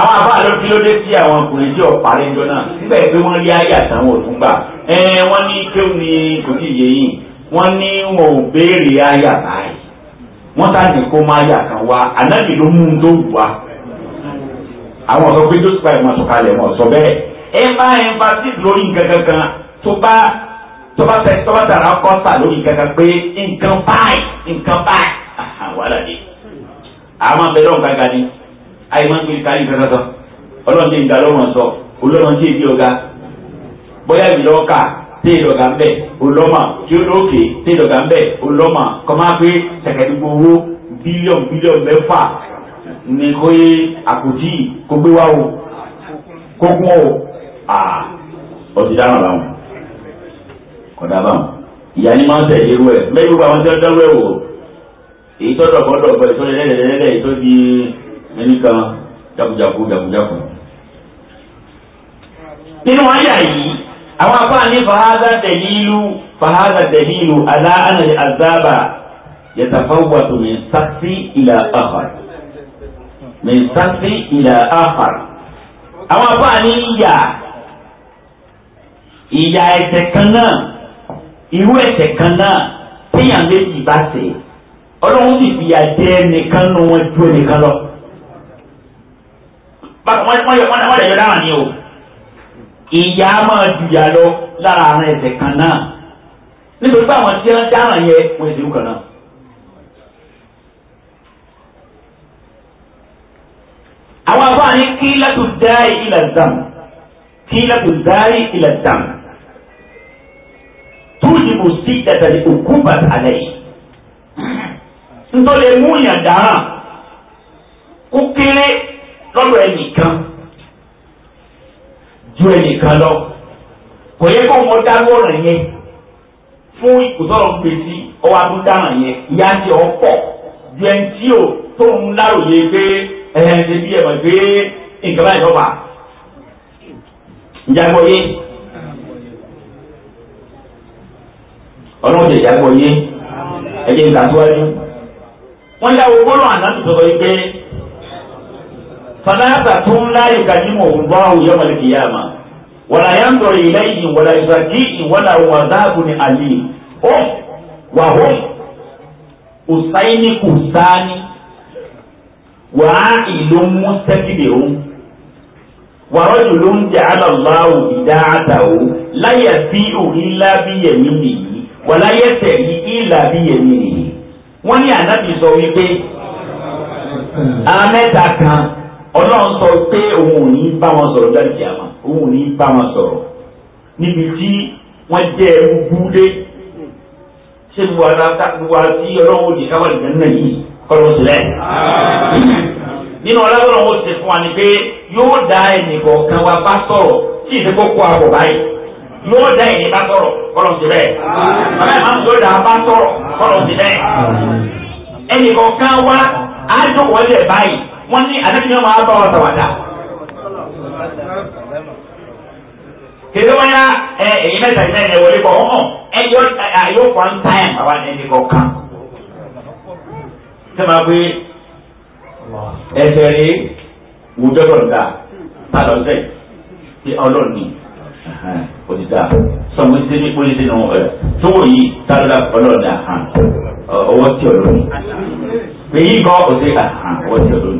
àwọn àbá ló kí ló dé sí àwọn ọkùnrin tí ọ̀pá lẹ́jọ́ náà nígbà pé wọ́n rí ayé àtàwọn òtún gbà ẹ wọ́n ní kéwù ní kò ní ìyè yìí wọ́n ní wọn ò béèrè ayé àbáyé wọ́n sáàdì kó má yà kan wá ànábì ló mú un tó wù wá àwọn ọ̀sọ́ pé joseph ayé wọn sọ̀kalẹ̀ wọn sọ bẹ́ẹ̀ ẹ bá ẹ bá sí lórí nǹkan kankan tó bá tó bá tẹ tó bá lórí nǹkan pé nǹkan báyìí nǹkan báyìí àwọn abẹ́rẹ́ ọ̀gá àyè máa ń pè káyì kankan ọlọ́run ti ń ga lọ́rùn sọ olóòrùn ti di ọ̀gá bóyá ìlọ́ ká tí ìdọ̀gá ń bẹ̀ olọ́mà tí ó lókè tí ìdọ̀gá ń bẹ̀ olọ́mà kọ́ máa pé sẹ̀kẹ̀dùgbò owó bílíọ̀nù bílíọ̀nù mẹ́fà ní kó yé àkùtì kó gbé wá o kó kún o ọtí dáhùn báwọn kọ̀dá báwọn ìyá ni máa ń tẹ̀lé irú ẹ̀ mẹ́rin gbogbo àwọn tí wọ́n dánwó ẹ̀ wò èyí tó ẹni kan jagunjagun jagunjagun. nínú àyà yìí àwọn afáà ní fàhádà tẹ̀lílu fàhádà tẹ̀lílu aláàánà àzábà yàtàfáwàtò min sáksì ìlà àfàr min sáksì ìlà àfàr. àwọn afáà ní ìyà ìyà ẹ̀ṣẹ̀ kan náà irú ẹ̀ṣẹ̀ kan náà téèyàn méjì bá ṣe ọlọ́run sì fìyà jẹ ẹnìkan nu wọn ju ẹnìkan lọ wọ́n yọ wọ́n lè yọ dáhà ni o ìyá máa jùyà lọ lára àwọn ẹ̀ṣẹ̀ kan náà nítorí pé àwọn tí wọ́n dáhà yẹ wọ́n èdè kan náà. àwọn àbọ̀ àní kí lẹ́tù dáì ilẹ̀ dàm kí lẹ́tù dáì ilẹ̀ dàm túùjìbù sí ìdàdàlì òkú bàtà àlẹ́ yìí ntọ́lẹ̀ mú yàn dáhà kó kéré lọ́dọ̀ ẹnìkan ju ẹnìkan lọ kò yẹ kó wọn dá lọ́rọ̀ yẹn fún ìkùsọ̀rọ̀ gbèsè ọwọ́ abúdáhàn yẹn ìyá ti ọ̀ pọ̀ ju ẹni tí o tó ń láròyé pé ẹ̀hẹ̀ ṣe bí ẹ̀mọ̀ pé nǹkan báyìí lọ́wọ́ ìjàgbọ́ yé ọlọ́run jẹ̀ ìjàgbọ́ yé ẹ̀jẹ̀ ìgbà tó wáyé wọ́n yá owó lọ́wọ́ àná tó sọ̀rọ̀ yìí pé fàlàtà tó ń láyè kájú mọ̀ ń bá òun yọmọ lè kìyà mà wàlà yà ń tọrọ ilé yìí wàlà ìsàkí ìwàlà wà dáàbò ní àlè ó wà ó kùsáìní kùsáìní wà á ìlú mú sẹ́kìlì ó wà rọ́jò ló ń jẹ́ àlọ́láwò ìdá àtàwò láyà sí òhìn lábíyẹ̀mí nìyí wàlà kan ọlọ́run sọ pé òun ò ní bá wọn sọ̀rọ̀ jáde àmà òun ò ní bá wọn sọ̀rọ̀ níbi tí wọ́n jẹ́ ẹrú búdé ṣé gbogbo ara gbogbo ara tí ọlọ́run òdì káwọn ìgbẹ́ náà yìí kọ́lọ́ sílẹ̀. nínú ọlọ́run ó ti fún wa ni pé yóò dá ẹnìkọ̀ọ̀kan wa bá sọ̀rọ̀ tí ìdíkó kó àbọ̀ báyìí yóò dá ẹ̀yìn bá sọ̀rọ̀ kọ́lọ́ sílẹ̀. bàbá ìmáà yóò dá bá sọ̀rọ̀ kọ́lọ́ sílẹ̀. ẹnìkọ̀ọ̀kan wa á jókòó lẹ̀ báyìí wọ́n ní àdéhùn máa bá wọn sàwádà. kèdè wọn yá ẹ èyí mẹ́ta yìí náà ẹ wọlé kọ ọmọ ẹ yọ àyọ one time àwa ní ẹni kọ kàn. sẹ́mi àgbé ẹsẹ̀ rí wùjọ́ lọ́nù dáa tá a lọ sẹ́yìn tí ọlọ́run ní òtítà sọ̀wọ́n ti ní pólí sínú ẹ̀ tó wò yìí tá a ọwọ́ tí ọlọ́run èyí kọ́ òtítà ọwọ́ tí ọlọ́run.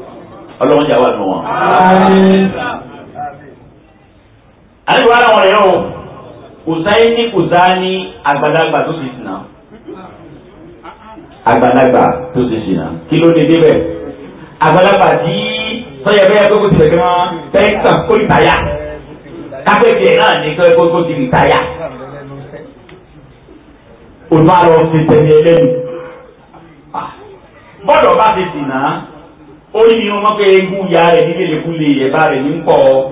ọlọ́run jà wà nù wọn. àdìgbò ara wọn rẹ̀ o kùsáyé ní kùsáyé àgbàlagbà tó ti sìn náà àgbàlagbà tó ti sìn náà kí ló dé débẹ̀ àgbàlagbà tí sọ́yà bẹ́ẹ̀ kókó ti bẹ̀rẹ̀ wọn tẹ́ńtàn kó ìtayà kápẹ́tì náà ní kókó ti ìtayà olùbárò ti tẹ̀lé ẹlẹ́nu ah, bọ́dọ̀ bá ti sìn ó ní wọn fẹ́ egú ya rẹ̀ nílé lẹ́kúlé ẹ̀bá rẹ̀ ní pọ̀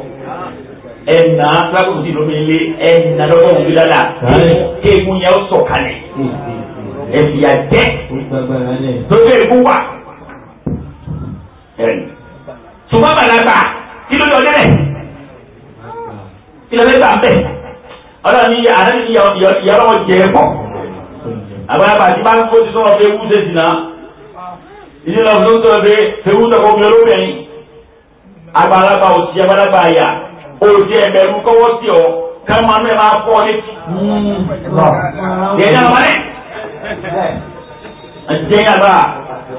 ẹ̀nà lákòókò tí lómi lé ẹ̀nà lọ́wọ́ òun lọ́la kí egú ya ó sọ̀kalẹ̀ ẹ̀fìyà jẹ́ lókè egú wà ṣùgbọ́n bàlágbà kí ló lọ délẹ̀ kí ló lẹ́gbàá bẹ́ẹ̀ ọlọ́run ní àdáni ìyá ọlọ́wọ́ jẹ́ pọ̀ àgbàlagbà tí bá ń kó ti sọ̀rọ̀ fẹ́ wú ṣe sí náà ìdí lọ fún tó dé fẹ́wú tọkọ mi olóbìnrin àgbàlagbà òsì àgbàlagbà àyà òsì ẹ̀bẹ̀rù kọ́wọ́ sí ọ kẹ́mọ́ ẹ̀ máa fọ́ ọ létí. yẹ̀yẹ́ àwọn ẹ̀ ǹjẹ́ yàrá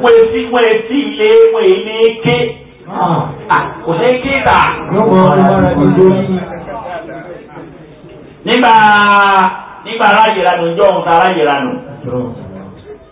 wọ́n etí wọ́n etí ilé wọ́n ilé ké kò sí ké ta. nígbà nígbà aráyè lanu ìjọ ohun tá aráyè lanu.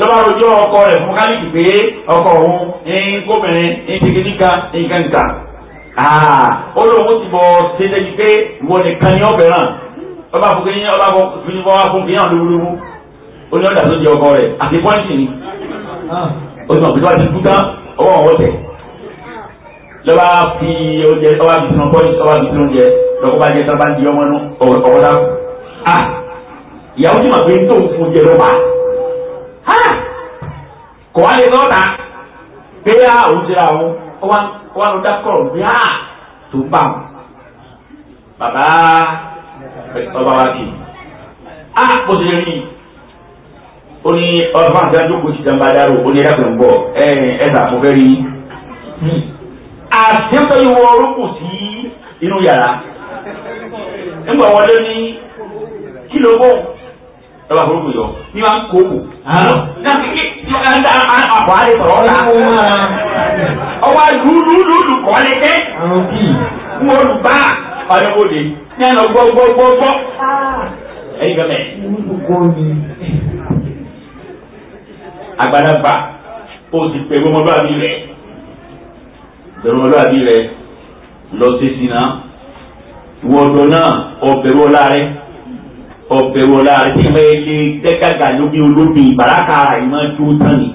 lọ́ba rojọ́ ọkọ rẹ̀ fún kálíkì pé ọkọ òun ẹ̀yin gómìnrin ẹ̀yin nìkan nìkan nìkan ó lóun ti bọ̀ ṣẹ́jẹ́jì pé ìwọ nìkan ni ọbẹ̀ ràn ọba fún kìnìún ọba fún ọba fún kìnìún lówólówó ó ní ọ̀dà tó di ọkọ rẹ̀ àti pọ́ǹtì ni ó ti mọ̀ pé wọ́n ti kú tán ọwọ́ wọn tẹ̀ lọ́ba fi oúnjẹ ọba fi sinú pọ́ǹtì ọba fi sinú oúnjẹ lọ́kọ́ bá jẹ́ sábà ń di ọmọ nú ọwọ́ dá ah, ìyàwó ti mọ̀ pé tóun fún oúnjẹ lọ́ba kò wá lè lọ́ta pé á ah, òun ti ra òun wá lọ dákọ̀rọ̀ pé á ah, tó bá wọn. bàbá ọba wa kì í á kò sí rí ó ní ọba àti àjókòó ti jàmbá dárò ó ní ẹ̀dá tó ń bọ̀ ẹ̀ ẹ̀ tà mo fẹ́ rí àtẹ́fẹ́ ìwọ orúkù sí inú yàrá nígbà wọlé ní kí ẹwà burúkú yọ ni wa ń kó kù. náà kí àpò àlè sọ̀rọ̀ la. ọwọ́ lùlùlùlù kọ́ lé dé. n ò lù bá ọ̀rẹ́ wo de ní ẹ̀ lọ gbọ́ gbọ́ gbọ́ gbọ́. ẹ̀yin bẹ́ẹ̀ mẹ́. àgbàlagbà o ti pè gbọmọ lọ́wọ́ àbí rẹ̀ bẹ̀rù àbí rẹ̀ lọ sí sinna ìwọ náà ọbẹ̀ wọlá rẹ̀ ọ̀pẹ̀ wọ̀ láàrin tí wọ́n lè dẹ́gàgà lóbi olómi ìbáraka ara ìmọ̀ tó tán ni.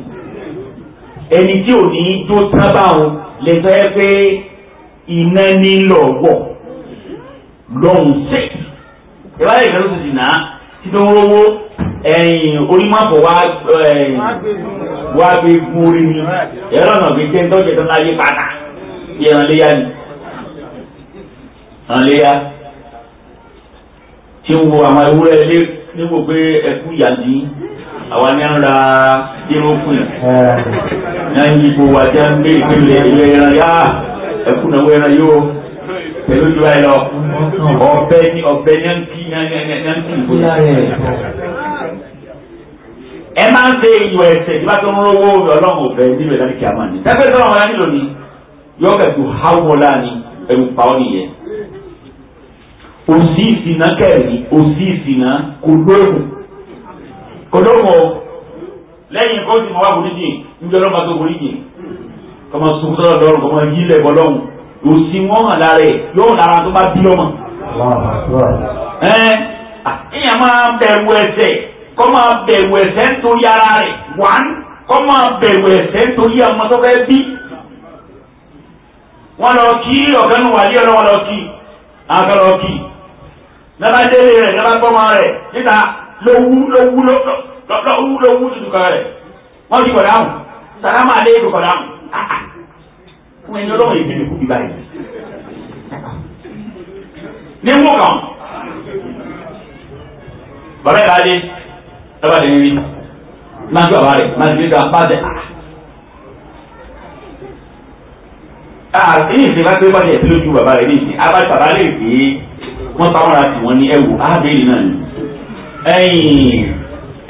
ẹni tí ò ní tó tán báwọn lè sọ ẹ pé iná ní lọ́wọ́ lọ́hùn sẹ̀. ìwádìí ìfẹ́ ló ti dì náà títí wọ́n rówó ẹ̀yìn onímọ̀pọ̀ wá wá gbé gun orí ni ẹ̀rọ náà gbé jẹ́ ń tọ́jú ẹ̀tọ́ náà yé pátá ìrànlẹ́yà ni ìrànlẹ́yà tí ń wo àwọn ewúrẹ́ ilé níbo pé ẹkú yàdí àwa ni ń ra irúfin náà ń yíbo wa jẹ́ ń gbé ìpele ilé ẹran yá ẹkú náà wọ ẹran yóò pẹ̀lú ju ẹ lọ ọbẹ̀ ní ọbẹ̀ ní ń kí ní ń kí ìbò. ẹ máa ń ṣe ìwà ẹ̀sẹ̀ ìgbà tó ń rówó ọlọ́run ọbẹ̀ níbẹ̀ láti kí tẹ́fẹ́ tó àwọn ẹni lónìí yọ̀ọ́kẹ̀ tó òsì ìsìnà kẹrì òsì ìsìnà kòdóòmù kòdóòmù lẹ́yìn kó ti mọ wá kòríjì níbi ọlọ́mọ tó kòríjì kọmọ sọmọsọrọ lọrùn kọmọ yí ilẹ̀ bọlọ́hùn òsì wọn hàn lára ẹ̀ yóò lára tó bá bí ọmọ. ìyẹn máa bẹ̀rù ẹ̀ṣẹ̀ kọ́ máa bẹ̀rù ẹ̀ṣẹ̀ nítorí ara rẹ̀ wán kọ́ máa bẹ̀rù ẹ̀ṣẹ̀ nítorí ọmọ tó fẹ́ bí. wọ́n lọ kí ọ̀gá nù wálé ọlọ́wọ́ lọ nàbà délé rẹ̀ nàbà gbọ́mọ rẹ̀ níta ló wú ló wú ló wú ló wú tutù kan rẹ̀ wọ́n ti kọ̀ dáhùn sàrámà lé ìlú kọ̀ dáhùn ah, ah. fún ẹni ọlọ́run yìí tẹ̀lé kú bí báyìí ní mú kàn bàbá ìbáde bàbá ìdè níbi máa ń gbé bàbá rẹ̀ máa ń gbé bàbá rẹ̀ ah ìyìn ah. ìsìn máa ń gbé bàbá rẹ̀ lójú bàbá rẹ̀ ní ìsìn abájú bàbá rẹ̀ rèé wọ́n táwọn ra tiwọn ní ẹ̀wò ábẹ́rẹ́ náà ni. ẹ̀yìn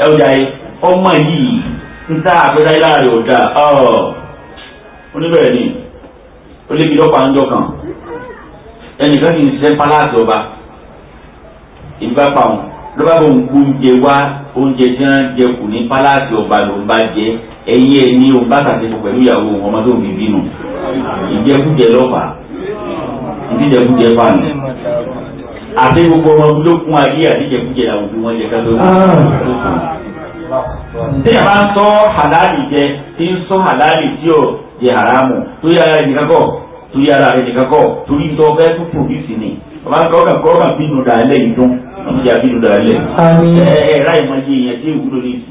ẹ̀wọ̀dà ọmọ yìí ń tá àgbẹ̀dá láàrin ọ̀dà oníbẹ̀rẹ̀ ni olébi lọ́pàá ń jọ kan ẹnìkan kì í ṣiṣẹ́ pálásì ọba ìbá pa wọn ló bá bọ̀ ń gbó oúnjẹ wá oúnjẹ tí wọ́n jẹ kù ní pálásì ọba ló ń bá jẹ ẹ̀yìn ẹ̀ ní òun bá ṣàtẹ̀kọ̀ pẹ̀lú ìyàwó òun ọmọ tó ń bíbí nù ìjẹkújẹ lọ́pàá ìdíjẹkújẹ fáànù àti gbogbo ọmọ ló kún ayé àdíjẹkújẹ làwọn òbí wọn jẹ ká lórí. Ah. tí a máa ń sọ halali jẹ tí ń sọ halali tí ò jẹ haramu torí ara rẹ nìkan kọ́ torí ara rẹ nìkan kọ́ torí ìtọ́ fẹ́ tó pòlísì ni ọba ń kọ́ kàn kọ́ kàn bínú da alẹ́ yìí dún wọ́n ti jà bínú da alẹ́. ẹ ẹ ráì máa yé èèyàn tí ìwúlò ní ìsìn.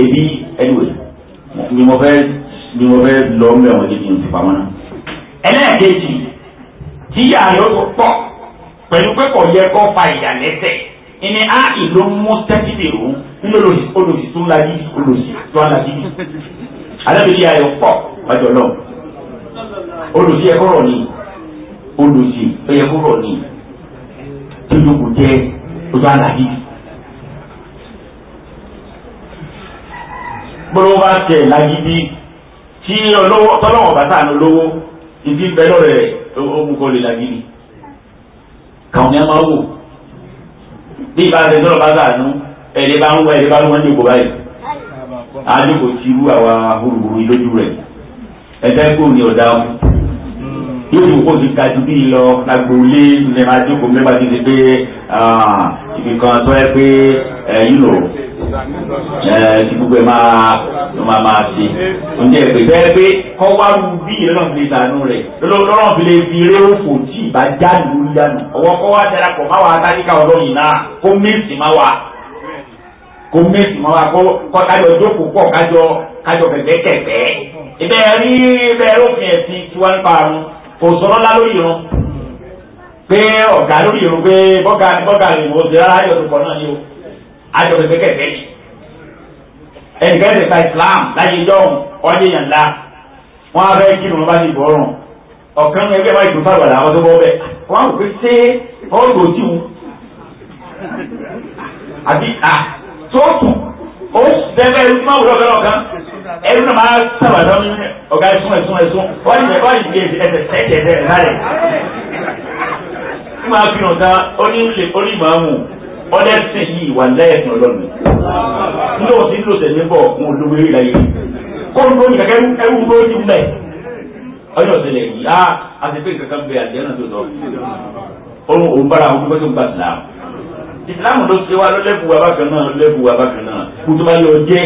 ebi anyway ni mo fẹ́ ni mo fẹ́ lọ mẹ́wọ̀n jẹ́ kí n ti pamọ́ náà. ẹlẹ́ẹ̀kejì jíyà rẹ̀ ó pọ̀ pẹ̀lú pé kò yẹ kó fa ìyà lẹ́sẹ̀ ìní á ìlú mú tẹ́tí dè ó nínú olùsí tó ń la yìí olùsí tó ń la yìí alábìlí ayọ̀ pọ̀ ọjọ́ náà olùsí ẹ̀kọ́ rọ̀ ni olùsí ẹ̀kọ́ rọ̀ ni tó yókù jẹ́ ojú àlàyé. gbọ́dọ̀ bá tẹ̀ lágídí tí ọlọ́wọ́ tọ́lọ́wọ́ bàtà lọ́wọ́ ìdí bẹ́ẹ̀ lọ́rẹ̀ rẹ̀ ogun kọ́ lè lagidi kàwọn ní a máa wò ní ìbára ẹ̀ sọ̀rọ̀ bá sàánú ẹ̀rẹ́ bá ń wá ẹ̀rẹ́ bá ń wá ní òkú báyìí àdókò tí irú àwa olùgbòmí lójú rẹ̀ ẹ̀dá ẹ̀kọ́ ni ọ̀dà ọ̀hún yóò fi kó ti ga ju bí lọ agboolé nípa jókòó mẹ́fà ti di pé ibi kan tó yẹ pé yìí lò kí gbogbo ẹ máa ló máa máa ṣe oúnjẹ ìpè bẹ́ẹ̀ pé kọ́ wá lu bí ìlọ́nà fi lè sànú rẹ̀ lọ́nà fi lè fi eré òfò tí ìbá já lù ú yánu ọwọ́ kọ́ wá darapọ̀ máa wà á táníkà ọlọ́yìn náà kó mẹ́sì máa wà kó mẹ́sì máa wà kó kájọ jókòó pọ̀ kájọ kájọ kẹ̀kẹ́ kẹ̀kẹ́ ibẹ̀ rí ibẹ̀ rófin ẹ̀sìn tiwa ń parun kò sọ̀rọ̀ ńlá lórí irun pé ọ̀gá lórí irun pé bọ́gà bọ́gà lè wò ó sí rárá ayọ̀ tó pọ̀ náà ni o ayọ̀ tó kẹ̀kẹ́ kẹ́ ẹnìkan ẹ̀sẹ̀ ta Islam láyé jọ́hún ọdún èèyàn ńlá wọn á fẹ́ kí ni wọn bá ti bọ̀ ọ̀rùn ọ̀kan ẹgbẹ́ máa dùn fáwọn àwọn tó bọ́ bẹ́ẹ̀ wọn á pè ṣé wọn lò wọn àbí à tó tù ó bẹ́ẹ̀ bẹ́ẹ̀ máa wúlọ́ bẹ́ẹ̀ lọ́kàn ẹrú náà máa sábàdọ́ ọ̀gá ẹ̀sùn ẹ̀sùn ẹ̀sùn wọ́n yìí wọ́n yìí ẹ̀sẹ̀ ẹ̀sẹ̀ ẹ̀sẹ̀ ẹ̀sẹ̀ lálẹ́. ní máa fi hàn tán onílé onímọ̀ọ́mù ọ̀dẹ́ ṣe yìí wà lẹ́yìn ọlọ́run. nígbà tí ń lò sẹ̀mí bọ̀ fún olówó ìlà yìí kó ń lóyún kẹ́kẹ́ ẹrú ló ní mẹ́. ọjọ́ ìṣẹ̀lẹ̀ yìí á àti pé kankan bẹ àjẹ́ náà tó sọ. òun òun bára àwọn pípẹ́ tó ń gbà sílámù. ìsìlámù ló ṣe wá lọ́lẹ́bù wa bákan náà lọ́lẹ́bù wa bákan náà kó tó bá yọ jẹ́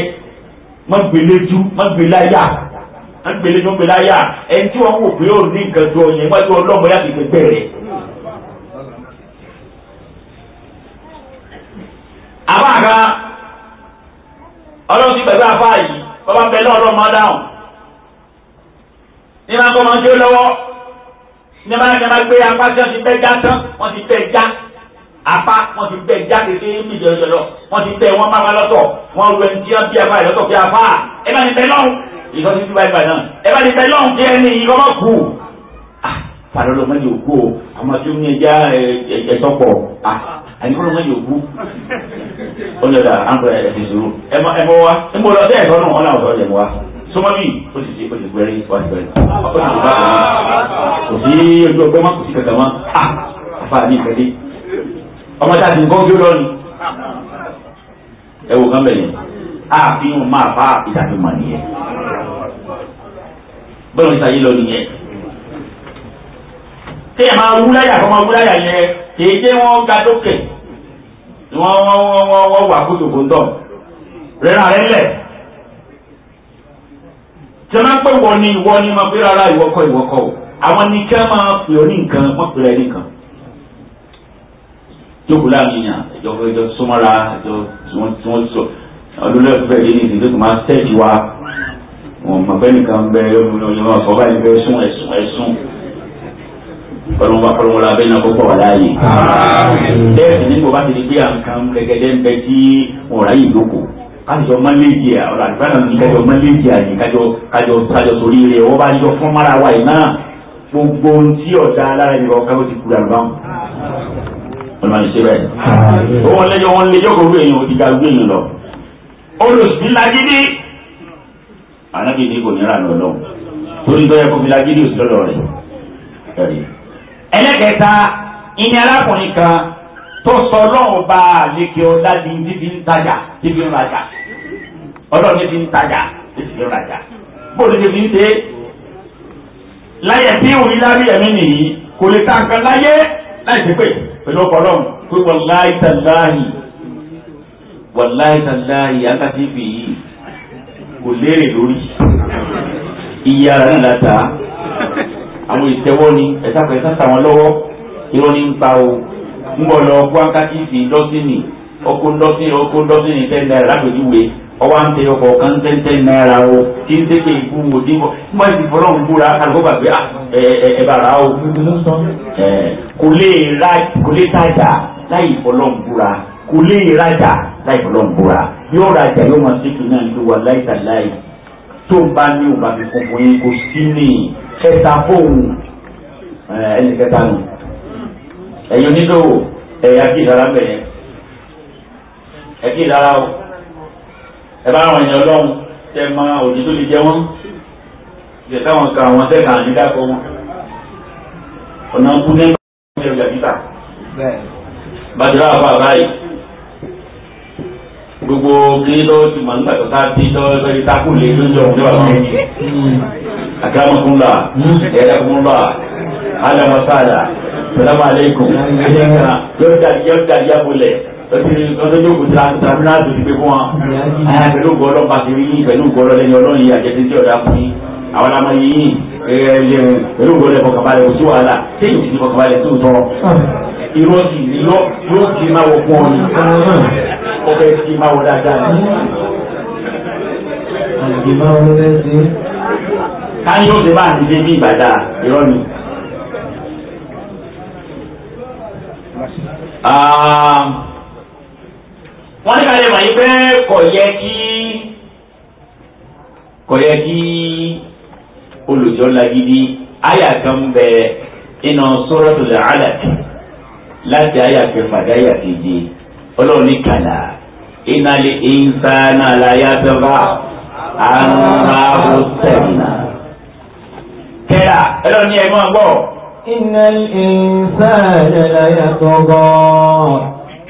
má gbéléjú má gbéláyà má gbéléjú má gbéláyà ẹni tí wọ́n wò pé ó ní nǹkan tó ọyàn wájú ọlọ́mọ yàtọ̀ ìgbẹ́gbẹ́ rẹ̀. àbá àga ọlọ́run ti gbẹ̀gbẹ́ afá yìí bàbá ń bẹ náà ọlọ́run máa dáhùn ní máa ń bọ́ máa ń jó lọ́wọ́ ní máa ń gbé apá tí wọ́n ti bẹ́ já tán wọ́n ti bẹ́ já apá wọn ti bẹ jáde sí ibi jọjọjọ wọn ti bẹ wọn máa lọ́tọ̀ wọn rẹ ti hàn bí apá ìlọtọ fi apá ẹ bá ní bẹ lọhùn ìsọ ti fi bá ibà náà ẹ bá ní bẹ lọhùn kí ẹni ìrọmọ kù ah, fàlọ́ ló mẹ́jọ kú o àmọ́ tí ó ní ẹja ẹ̀jẹ̀ tọ́pọ̀ ah, àyìnkú ló mẹ́jọ kú ó ní ọ̀dà àǹkọ̀ ẹ̀sìn ìṣòro ẹ mọ ẹ mọ wa ẹ mọ lọ sí ẹ̀kọ́ náà wọn náà ọ̀dọ́ ọ̀dẹ̀ mọ wa sọmọbí ó sì ṣe ó sì gbẹrí wá sí gbẹrí kò sí ojú ọgbẹ́ mọ́ kò sí kankan mọ́ ah, àfa mi ìfẹ́ ọmọ tá a ti nǹkan jó lọ́ni. ẹ wò kán bẹ̀yẹn àfihàn máa bá ìdàgbìmọ̀ nìyẹn bọ́lá ti sàyé lọ nìyẹn. kéèyàn máa wúláyà kọ́ máa wúláyà yẹn kèé jẹ́ wọ́n ga lókè wọ́n wọ́n wọ́n wọ́n wà kótókó ń tọ̀ rẹ́ràn rẹ́ lẹ̀ tẹ̀mẹ́ pé wọ́n ni ìwọ ni máa pé rárá ìwọ́kọ̀ ìwọ́kọ̀ àwọn ni kẹ́ máa pè ọ́ ní nǹkan wọ́n pè ọ́ ní nǹkan jókòó láàrin yàn ẹjọ ẹjọ súnmọ́ra ẹjọ tí wọ́n tí wọ́n sọ ọdún lẹ́yìn fún ẹ̀jẹ̀ ní ìdílé tó máa ń tẹ̀sí wa wọn mọ̀ bẹ́ẹ̀ nìkan bẹ ọmọ ọba yìí bẹ sún ẹ̀sùn ẹ̀sùn kọlọ́n bá kọlọ́n wọlé abẹ́yẹn náà kó pọ̀ wá láàyè. bẹ́ẹ̀ sì ni bọ́bá ti di pé àǹkan gẹ́gẹ́dẹ́ ń bẹ tí ọ̀rá yìí lóko kájọ mọ́lẹ́jì ọ̀rọ̀ àdúrà náà ní kájọ mọ́lẹ́jì àyè kájọ kájọ kájọ sórí rẹ̀ wọ́n bá yọ fún mara wa yìí náà gbogbo ohun tí ọ̀dà alára ìrọ̀ kájọ ti kúrò àlùbáwọn ọ̀nà ìṣẹ́bẹ̀. wọ́n lẹ́jọ́ wọn lé yọ̀gọ̀ wé yẹn òdìgá wé yẹn lọ. olùsí lagidi anábì ní kò ní ra lọ lọ torí bẹ́ẹ̀ kò fi lagidi òsì lọ́dọ̀ rẹ̀. ẹlẹ́kẹta ìní arákùnrin kan tó sọ ọlọ́run bá àlékè ọ̀dá di bíbí ń tajà bíbí ń rajà ọlọ́run bíbí ń tajà bíbí ń rajà bóòlù bíbí ń ṣe láyẹ̀ tí òun ilá rí ẹ̀mí nìyí kò lè ta nǹkan láyé láì sí pé pẹ̀lú ọkọ̀lọ́m pé wàláì tàláì wàláì tàláì akásífì yìí kò léèrè lórí iye ara náà láta àwọn ìtẹ́wọ́ ni ẹ̀sàkọ̀ ẹ̀sà tàwọn lọ́wọ́ irọ́ ní ń pa o ń bọ̀ lọ ọkọ̀ akásífì lọ́sìnì ọkọ̀ lọ́sìnì ọkọ̀ lọ́sìnì tẹ́lẹ̀ lápèjúwe ọwọ́ àǹtẹ̀ ọkọ̀ kan tẹ́ntẹ́ náírà o tí ń tẹ́kẹ̀ ikú wò dìbò nígbà tí fọlọ́ ń búra kálukọ́ gbàgbé ah, ẹ bá ra o kò lè ra kò lè tajà láì fọlọ́ ń búra kò lè rajà láì fọlọ́ ń búra yóò rajà yóò máa ṣètò náà ní wa láì tà láì tó ń bá ní òbá mi funfun yín kò sí ní ẹ̀ta fóònù ẹnì kẹta nù ẹ̀yin onídòwò ẹ̀yà kí ìlara bẹ̀rẹ̀ ẹ̀kí ìlara o ẹ bá àwọn èèyàn lọ́hùn tẹ máa òjì tó lè jẹ wọ́n jẹ táwọn kan àwọn tẹ̀ kàn ní dákọ̀ wọn ọ̀nà kú ní ẹgbẹ́ ìjà títà bàdúrà fà báyìí gbogbo kiri tó ti mọ̀ nígbà tó ká bí tó lórí tákù lé lóúnjẹ òun nígbà tó ń bí akérèmọkúnlá ẹ̀ẹ́dẹ́kúnlá alamọ́sáàdà salamu aleykum yóò dàdí yóò dàdí abúlé lọ́dọ́jọ́gùn sàmìnà tó ti pé fún wa pẹ̀lú gbọ́dọ̀ pàṣírí yìí pẹ̀lú gbọ́dọ̀ lẹ́yìn ọlọ́run yìí àjẹsí tí ọ̀dà fún yín àwọn àmọ́ yìí pẹ̀lú gbọ́dọ̀ ìfọkànbalẹ̀ ojú wàhálà téyì ti ìfọkànbalẹ̀ tó tọrọ irọ́ sì irọ́ yóò ti máa wọ fún ọ ni ó fẹ́ ti máa wọ dáadáa ni. káyọ̀ ó ti máa ti dé bí ìbàdà irọ́ ni. Um, wọ́n ní ká lè mọ̀ yín pé kò yẹ kí kò yẹ kí olùjọ́ lagidi àyà kan bẹ iná Suratul Alaq láti àyà kẹfà dé àyà keje ọlọ́run ní kàlà iná lè ń sá náà láyà tó bá àrùn sẹ́yìnà. kẹ́ra ẹlọ́ni ẹ̀ máa gbọ́. iná lè ń sá náà láyà tó bá.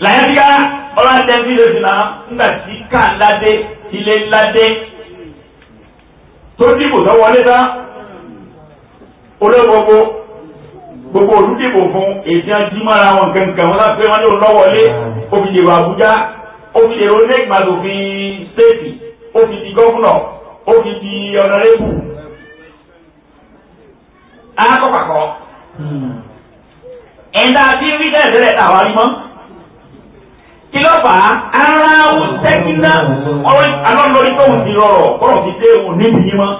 làyẹ́bíyá ọlọ́dẹ bí lè fìlà ńgbà tí ká ńláde ilé ńláde tó dìbò tó wọlé tán olóògbogbo gbogbo olùdìbò fún èdè ajímọ́ra wọn kankan wọn láti pé wọn ní olówọlé òfìdèrò Àbújá òfìdèrò lẹ́gbàdòfin stéètì òfìdí gómìnà òfìdí ọ̀nàrẹ́bù akọ́pàkọ́ ẹ̀ńdá tí ń rí tẹ̀lé tẹ̀lé tàwa mọ́. kí ara ò sẹ́kínà ọ̀rọ̀ alọ́lọ́rí tóun ti rọrọ̀ kọ́rọ̀ fi dé òun níbi yín mọ́.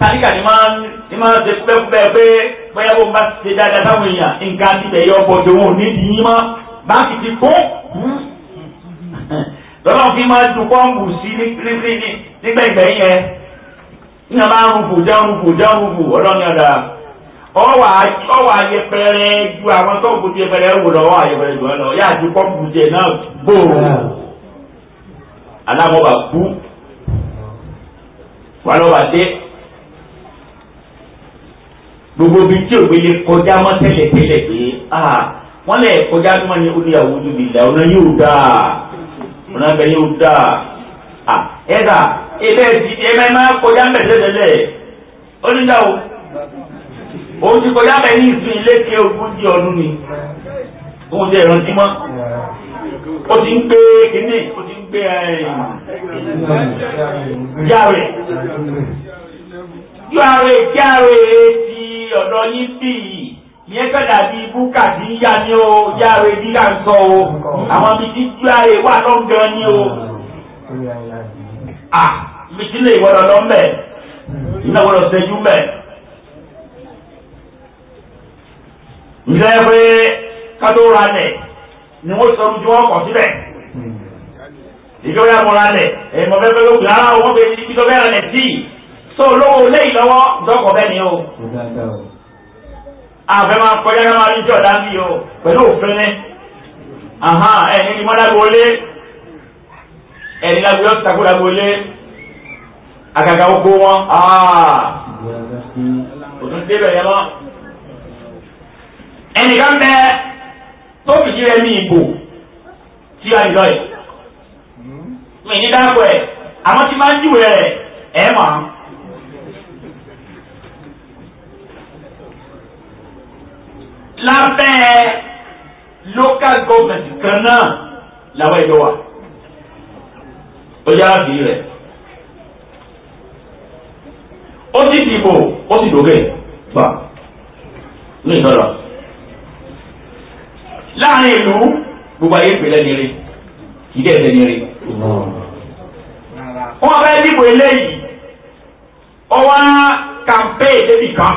tàbíkà ni máa ni máa ṣe pẹ́pẹ́ pé bóyá bó bá ṣe dáadáa táwọn èèyàn nǹkan yọ ọkọ̀ tó òun níbi yín mọ́ báńkì ti kún. lọ́nà fi máa dùn pọ́ǹpù sí ní ọwọ ayẹpẹrẹ ju àwọn tó kù ti ẹpẹrẹ wò lọ́wọ́ ayẹpẹrẹ jù lọ ju pọmpu jẹ náà gbòòrò aláwọ kú wọn dé gbogbo tí òwe lè kọjá mọ tẹ́lẹ̀ tẹ́lẹ̀ pé wọn lè kọjá mọ ní oníyàwó ojú mi là ọ̀nà yóò dà ọ̀nà bẹ yóò dà máa kọjá oníyàwó. ojú kọjá bẹ́ẹ̀ ní ìsìn ilé tí ogójì ọdún ni òun jẹ́ ìrántí mọ́ ó ti ń gbé kíní ó ti ń gbé járe járe járe ti ọ̀dọ̀ yín bì yẹn kọ́dà bíi búkà tí ń yá ni o járe bí là ń sọ o àwọn bíi ti járe wà lọ́ngàn ni o ah mi ti lọ́mbẹ̀ ìnáwó lọ sẹ́jú ǹjẹ́ pé kátó ra lẹ̀ ni wọ́n sọ ojú ọkọ̀ síbẹ̀ ìjọ ya mọ̀ra lẹ̀ èèmọ̀ fẹ́fẹ́ ló gbà ah, á wọ́n fi ibi tó bẹ́ẹ̀ lẹ̀ sí so lówó léyìí lọ́wọ́ dọ́kọ̀ bẹ́ẹ̀ ni o. àfẹ́ máa kọjá náà máa ní jọ̀ dábì o pẹ̀lú òfin ní ẹ̀yìn ni mọ́dàgbò lé ẹ̀yìn lágbo yóò takò dàgbò lé àgàgà oko wọn òtún débẹ̀ yẹn mọ́ ẹnìkan bẹ tó fìdí rẹ ní ìbò tí a yọ ẹ mi ní dáàbò ẹ àmọ́ tí máa ń júwe rẹ ẹ mọ̀ án. lábẹ́ local government kan náà làwọn ẹjọ́ wà ó yára bí rẹ̀ ó sì dìbò ó sì dògè gbà ní ìtọ́lọ̀ láàrin ìlú gbogbo ayé ìpínlẹ̀ nire kì í dẹ̀ ẹ̀dẹ̀ nire. wọ́n fẹ́ dìbò eléyìí ọwọ́ kàmpéè débì kan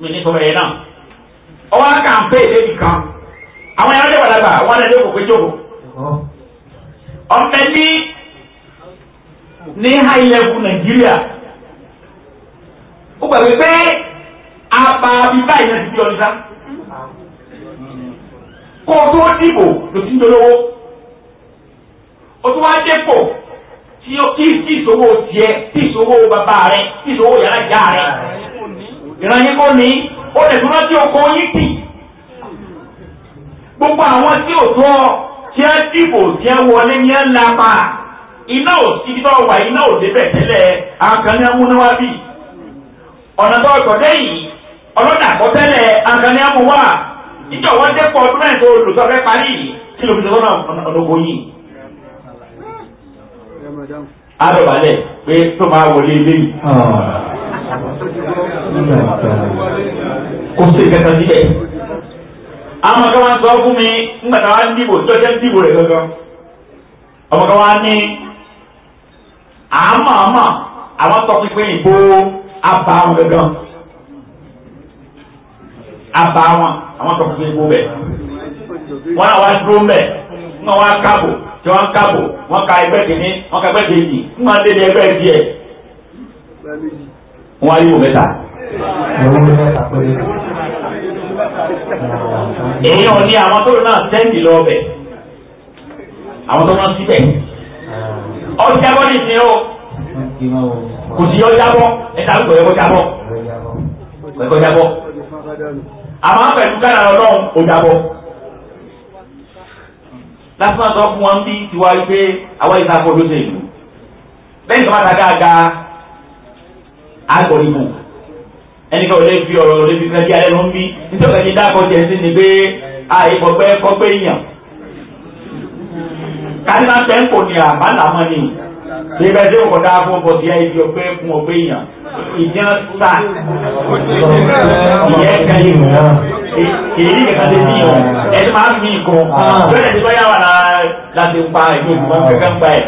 mi ní sọ ẹ̀yẹ náà ọwọ́ kàmpéè débì kan àwọn ẹ̀rọ dẹ̀wọ̀ dàgbà wọ́n lẹ́dẹ̀ òkú pé jókòó. ọ̀fẹ́ ní ní háìlẹ́kù nàìjíríà ó gbàgbé pé apá bíbá ìyẹn ti di ọ̀dọ́ kó o tó dìbò ló ti ń o tó wá dépò tí tí ìṣòwò tí bàbá tí yàrá ìyá ìran yín kò ní o lè tún rántí oko yín tì gbogbo àwọn tí ò tó ọ tí ẹ dìbò tí ẹ wọlé ní ẹ iná ò sí ibi tó wà iná ò amúnáwá bì ọ̀nà níjọ wọn dẹ́pọ̀ ọdún mẹ́rin tó olùsọ fẹ́ parí yìí kí ló fi sọ lọ́nà ọ̀nàgbò yìí. adọ̀balẹ̀ pé tó máa wọlé ilé yìí. kò sí ìkẹta síbẹ̀. àwọn ọ̀gá wa ń sọ fún mi nígbà tá a wá ń dìbò tó jẹ́ ń dìbò rẹ̀ gangan. ọmọ kan wa ní àmọ́ àmọ́ àwọn tọpinpin ìbò abà wọn gangan. Aba wọn àwọn tó fi gbó bẹ́ẹ̀ wọn náà wá dúró mbẹ́ wọn wá kábò tí wọn kábò wọn ka ẹgbẹ́ kìíní wọn ka ẹgbẹ́ kejì wọn máa dédé ẹgbẹ́ díẹ̀ wọn ayé wò mẹ́ta. èyí ò ní àwọn tó náà sẹ́ǹdì lọ bẹ̀ àwọn tó náà síbẹ̀ ọjà bọ́ nìsín o kò sí ọjà bọ́ ẹ̀ta ló kọ̀ ẹ̀kọ́ jábọ̀ ẹ̀kọ́ jábọ̀ àmọ́ pẹ̀lú kánà ọlọ́run ò dàbọ̀ lásán sọ fún wọn bí tiwa wípé àwọn ìta kọ ló ṣe ìlú lẹ́yìn tó bá ta dáadáa àgbọ̀nìbò ẹnìkan ò lè fi ọ̀rọ̀ ò lè fi fẹ́ bí alẹ́ ló ń bí nítorí ẹni dákọ̀ jẹ́ sí ni pé àyè kọ̀pẹ́ kọ́pẹ́ èèyàn kárí máa ń tẹ́ ń kò ní àbálàmọ́ ni ṣé bẹ́ẹ̀ tí ó kọ̀ dáa fún ọkọ̀ sí ẹ̀ ìdí ọ̀pẹ́ fún ọ̀pẹ́ èèyàn ìjà ta ìyẹn ka yìí mọ èyí kàkà lè ní ọ ẹni máa fi nǹkan lọ́dẹ̀ tí báyà wà láti pa ìlú ìgbà kankan pa ẹ̀.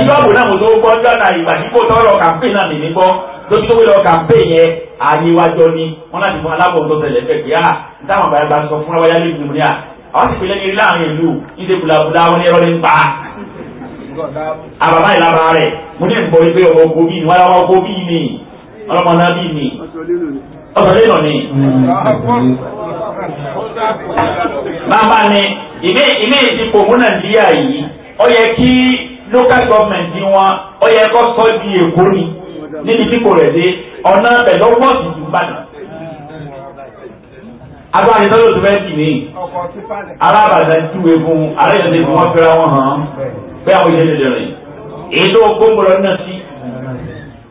ìjọ àbò náà mo tó gbọ́ ọjọ́ náà ìgbà tí kò tọrọ kàmpé náà lè ní gbọ́ lójú tó wílọ kàmpé yẹn àníwájọ ni wọn láti fún alábọ̀ tó tẹ̀lé fẹ́ pé ah táwọn àgbàlagbà sọ fún abáyá lè dùn ní à àwọn sì pè lẹ́ni láàrin ìlú ìdè bùlàbùlà wọn ni ẹ̀rọ ní pa àbàbá ìlara rẹ̀ mo ní ìgbọ́ wípé ọ̀rọ̀ ogo bíi ni wọ́n yára ogo bíi ni ọlọ́mọ náà bíi ni ọ̀sọ̀ lẹ́nu ni. bàbá ni ilé ilé ìdìbò mú nàìjíríà yìí ó yẹ kí local government wọn ó yẹ kó sọ di èkó ni níbi tí kò rẹ̀ dé ọ̀nà pẹ̀lú wọ́ọ̀sì ìdúgbàdàn agbá ni tọ́lọ́ tó fẹ́ kì ní alábàdàn júwe fún aláìsàn tó fi wọ́n fẹ́ra wọn hàn bẹ́ẹ̀ àwọn ìṣẹ̀lẹ̀ lè rìn èyí tó gbóngbòrò náà sí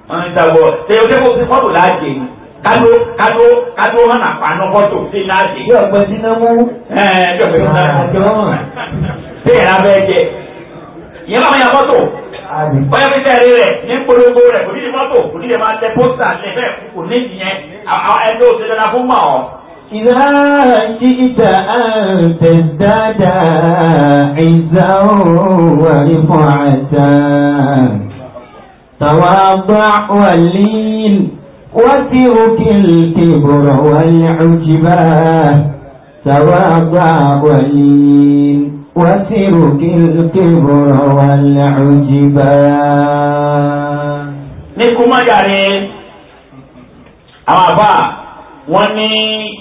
ọ̀nà ìtàgbọ̀ ṣe o dẹ́kun fi fọ́tò láàjì ni kádó kádó kádó hàn àpànú fọ́tò sí láàjì. bí ọ̀pẹ ti ná mú. ẹ ẹ bí ọ̀pẹ ti ná mú. ṣé ìyàrá bẹ́ẹ̀ jẹ ìyẹn máa yan fọ́tò bóyá bí sẹ́ẹ̀rí rẹ̀ ní polongo rẹ̀ kò ní di fọ́tò kò ní di máa tẹ pósítà lẹ́fẹ̀ẹ́ kò ní ìyẹn ẹni tó ṣe dandan fún mọ́ ọ. إذا جئت أن تزداد عزا ورفعة تواضع واللين وترك الكبر والعجبة تواضع واللين وترك الكبر والعجبة نكما جاري أما وني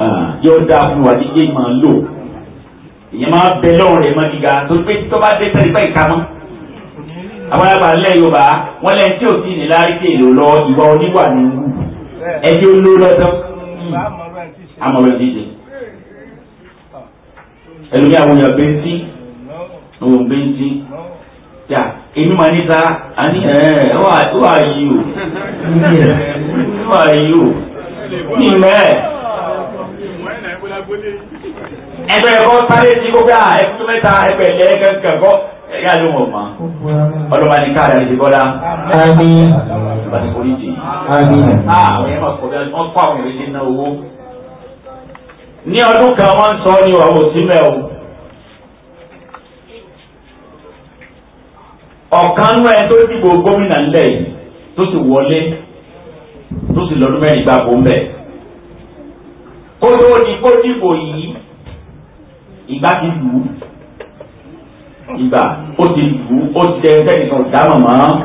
Ah, yóò dáa fún wa jíjẹ́ máa lò ìyẹn máa bẹ lọ́rùn rẹ̀ máa gíga tó pé tó bá dé sẹ́ni báyìí mọ́ àwọn lẹ́ Yorùbá wọ́n lẹ́yìn tí ò sí ní lárí tí lọ ìwà oníwà ní wù ẹjẹ́ ló lọ́tọ́ amọ̀rọ̀ jíjẹ ẹlòmíà wọn yà bẹ́ntì wọn bẹ́ntì yà èmi máa ní ta àní ẹ ẹ wà yìí o wà yìí o ní ìmọ̀ ẹgbẹ́ ẹ̀kọ́ sáré tí kó gbà ẹ̀kú mẹ́ta ẹgbẹ́ ẹ̀lẹ́ kankan kọ́ ẹ̀yà ló mọ̀ mọ́ ọlọ́mọ ní káàdà lè bọ́lá. ami ìbàdí kò ní jì. ami àwọn yẹn máa kọ bí wọ́n kọ́ àwọn ìrètí ná owó. ní ọdún kan wọ́n ń sọ ní ìwà òsì mẹ́ o. ọ̀kan nú ẹ tó dìbò gómìnà ńlẹ̀ yìí tó sì wọlé tó sì lọ́dún mẹ́rin gbàgbó ń bẹ̀ kó tó di kó dìbò yìí ìgbà ti lù ú ìgbà ó ti lù ú ó ti dẹ sẹ́nìkan ọ̀dà mọ̀mọ́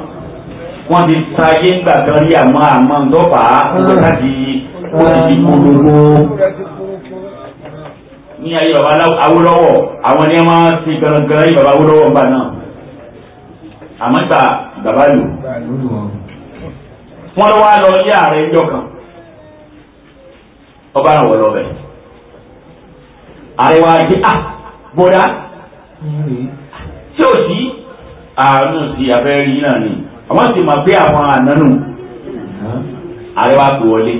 wọ́n ti ta ayé ńgbà kan rí àmọ́ àmọ́ ńdọ́fà ọ̀dọ́ láti ó ti di gbogbo ní ayé baba Awólọ́wọ̀ àwọn ní wọ́n ti gbẹrangbẹran ayé baba Awólọ́wọ̀ ńgbà náà àmọ́ ta baba lò wọ́n lọ́wọ́ lọ ilé ààrẹ ẹjọ́ kan ọba ràn wọ́n lọ bẹ̀. àríwá yìí à ah, bọ́dá tí ò sí àánú sí abẹ́rẹ́ yìí náà ni àwọn sì máa gbé àwọn ànánú àríwá tó wọlé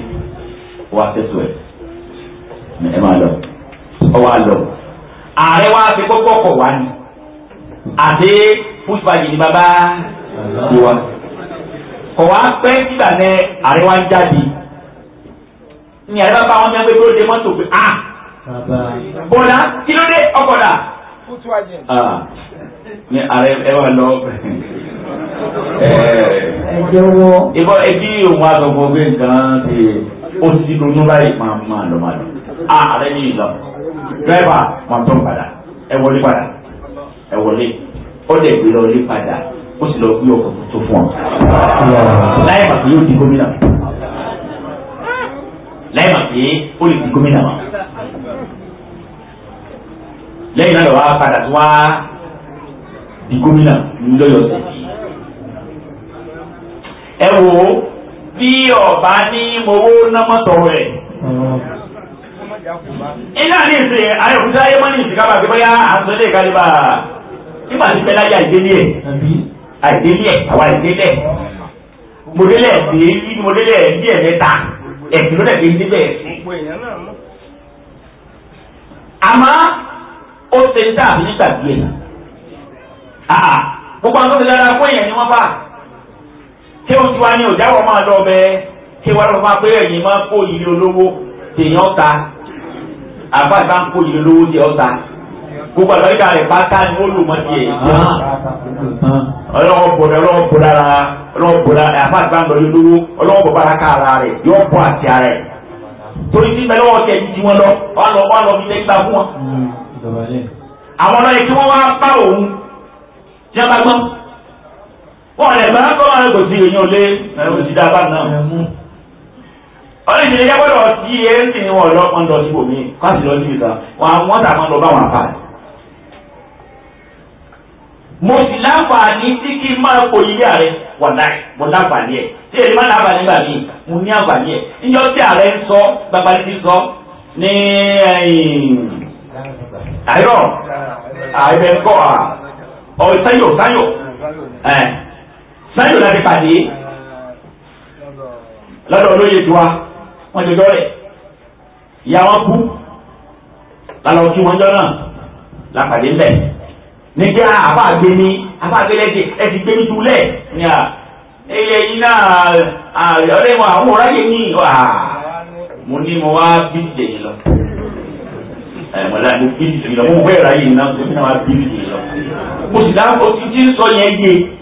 wọ́n á tẹ̀sọ̀ ẹ̀ ẹ máa lọ ọwọ́ àlọ́ ààrẹ ti kọ́kọ́ kọ̀ wá ni àti fúsùpàjì ni bàbá yìí wá kọ̀ wá pẹ́ nígbà náà ààrẹ ń jáde ní àyè bá bá wọn jágbé tó dé mọ́tò pé ah bọ̀dá kí ló dé ọkọ̀dà. ní ààrẹ ẹ wà lọ ìbọn ẹbí òun àgbọ̀gbọ̀ gbé nǹkan ti ó ti ronú báyìí máa máa lọ máa lọ ààrẹ ah, ní ìlọ dírẹ́bà máa tó padà ẹ e wọlé padà ẹ e wọlé ó dẹ̀ gbé lọ lé padà ó sì lọ gbé ọkọ̀ tó fún ọ láì pàtó yóò di gómìnà láì mà pé ó lè di gómìnà wọn. lẹ́yìn náà lọ́wọ́ padà tó wá di gómìnà lọ́yọ̀ sí. ẹ wo bí ọba ní mowó námọ́tọ̀ rẹ̀ iná ní ìsìn ayọ̀kúta ayé mọ́ni ìsìn kábàá gbé bóyá àtúndé kálíbà nígbà tí fẹ́lá yà ìdílé ẹ̀ àìdílé ẹ̀ àwa ìdílé ẹ̀ mọ̀délẹ̀ ẹ̀ dé mọ̀délẹ̀ ẹ̀ díẹ̀ mẹ́ta ẹ̀sìn ló dẹ̀bi níbẹ̀ ẹ̀sìn. àmọ́ ó ṣe ní sáà ní sàbí ẹ̀ gbogbo àwọn tó ti dára fún èèyàn ni wọ́n bá tí ó ti wá ní ọ̀dà wọn máa lọ bẹ́ẹ̀ tí wọ́n lọ́ọ́ máa pé ẹ̀yìn máa kó ìlú olówó tèèyàn ta àbá ìbá ń kó ìlú olówó tèèyàn ta gbogbo àgbàríkà rẹ̀ pátá ni ó lò mọ́ tiẹ̀. ọlọ́wọ́ bọ̀dọ̀ ọlọ́wọ́ bọ̀dọ̀ ara ọlọ́wọ́ bọ̀dọ̀ ara àfa àti bàǹdọ̀ yóò lówó ọlọ́wọ́ bọ̀dọ̀ ara ká ara rẹ̀ yóò bọ̀ àti ara rẹ̀. torí tí bẹ́ẹ̀ lọ́wọ́ tẹ̀ ti wọn lọ wọn lọ wọn lọ fi tẹ́ gbà fún wọn. àwọn ọ̀nà ètò wọn wá bá òun tí wọ́n bá gbọ́. wọ́n lè bá bọ́ wọn kò sí èèyàn lé ẹ̀rọ ti dá bá náà. ọ̀nà ìṣẹ̀lẹ̀ yẹ mo sì láǹfààní tí kí n máa pò ilé ààrẹ wọ̀nà mo láǹfààní ẹ̀ tí èyí má láǹfààní gbà mí mo ní àǹfààní ẹ̀ níjọ́ tí ààrẹ ń sọ bàbá ti sọ ní àìrọ̀ àìbẹ̀kọ́ ọ̀ sáyọ̀ sáyọ̀ sáyọ̀ láti pàdé lọ́dọ̀ olóye tiwa wọ́n jọjọ́ rẹ̀ ìyá wọn kú lálọ́ kí wọ́n jọ náà làpàdé ńlẹ̀ ní kí àbá gbé ní àbá gbé lẹ́jẹ̀ ẹ ti gbé nítorí lẹ̀ ní à ilé yìí náà ọ̀rẹ́ wọn àwọn ọ̀ráyè ní ìwà mo ní mo wá bí ìjẹ̀ yìí lọ ẹ̀mọ̀lá mo bí ìjẹ̀ yìí lọ mo wẹ́ ìráyè náà mo ní wá bí ìjẹ̀ yìí lọ mo sì dáhùn ó ti ti sọ yẹn yé.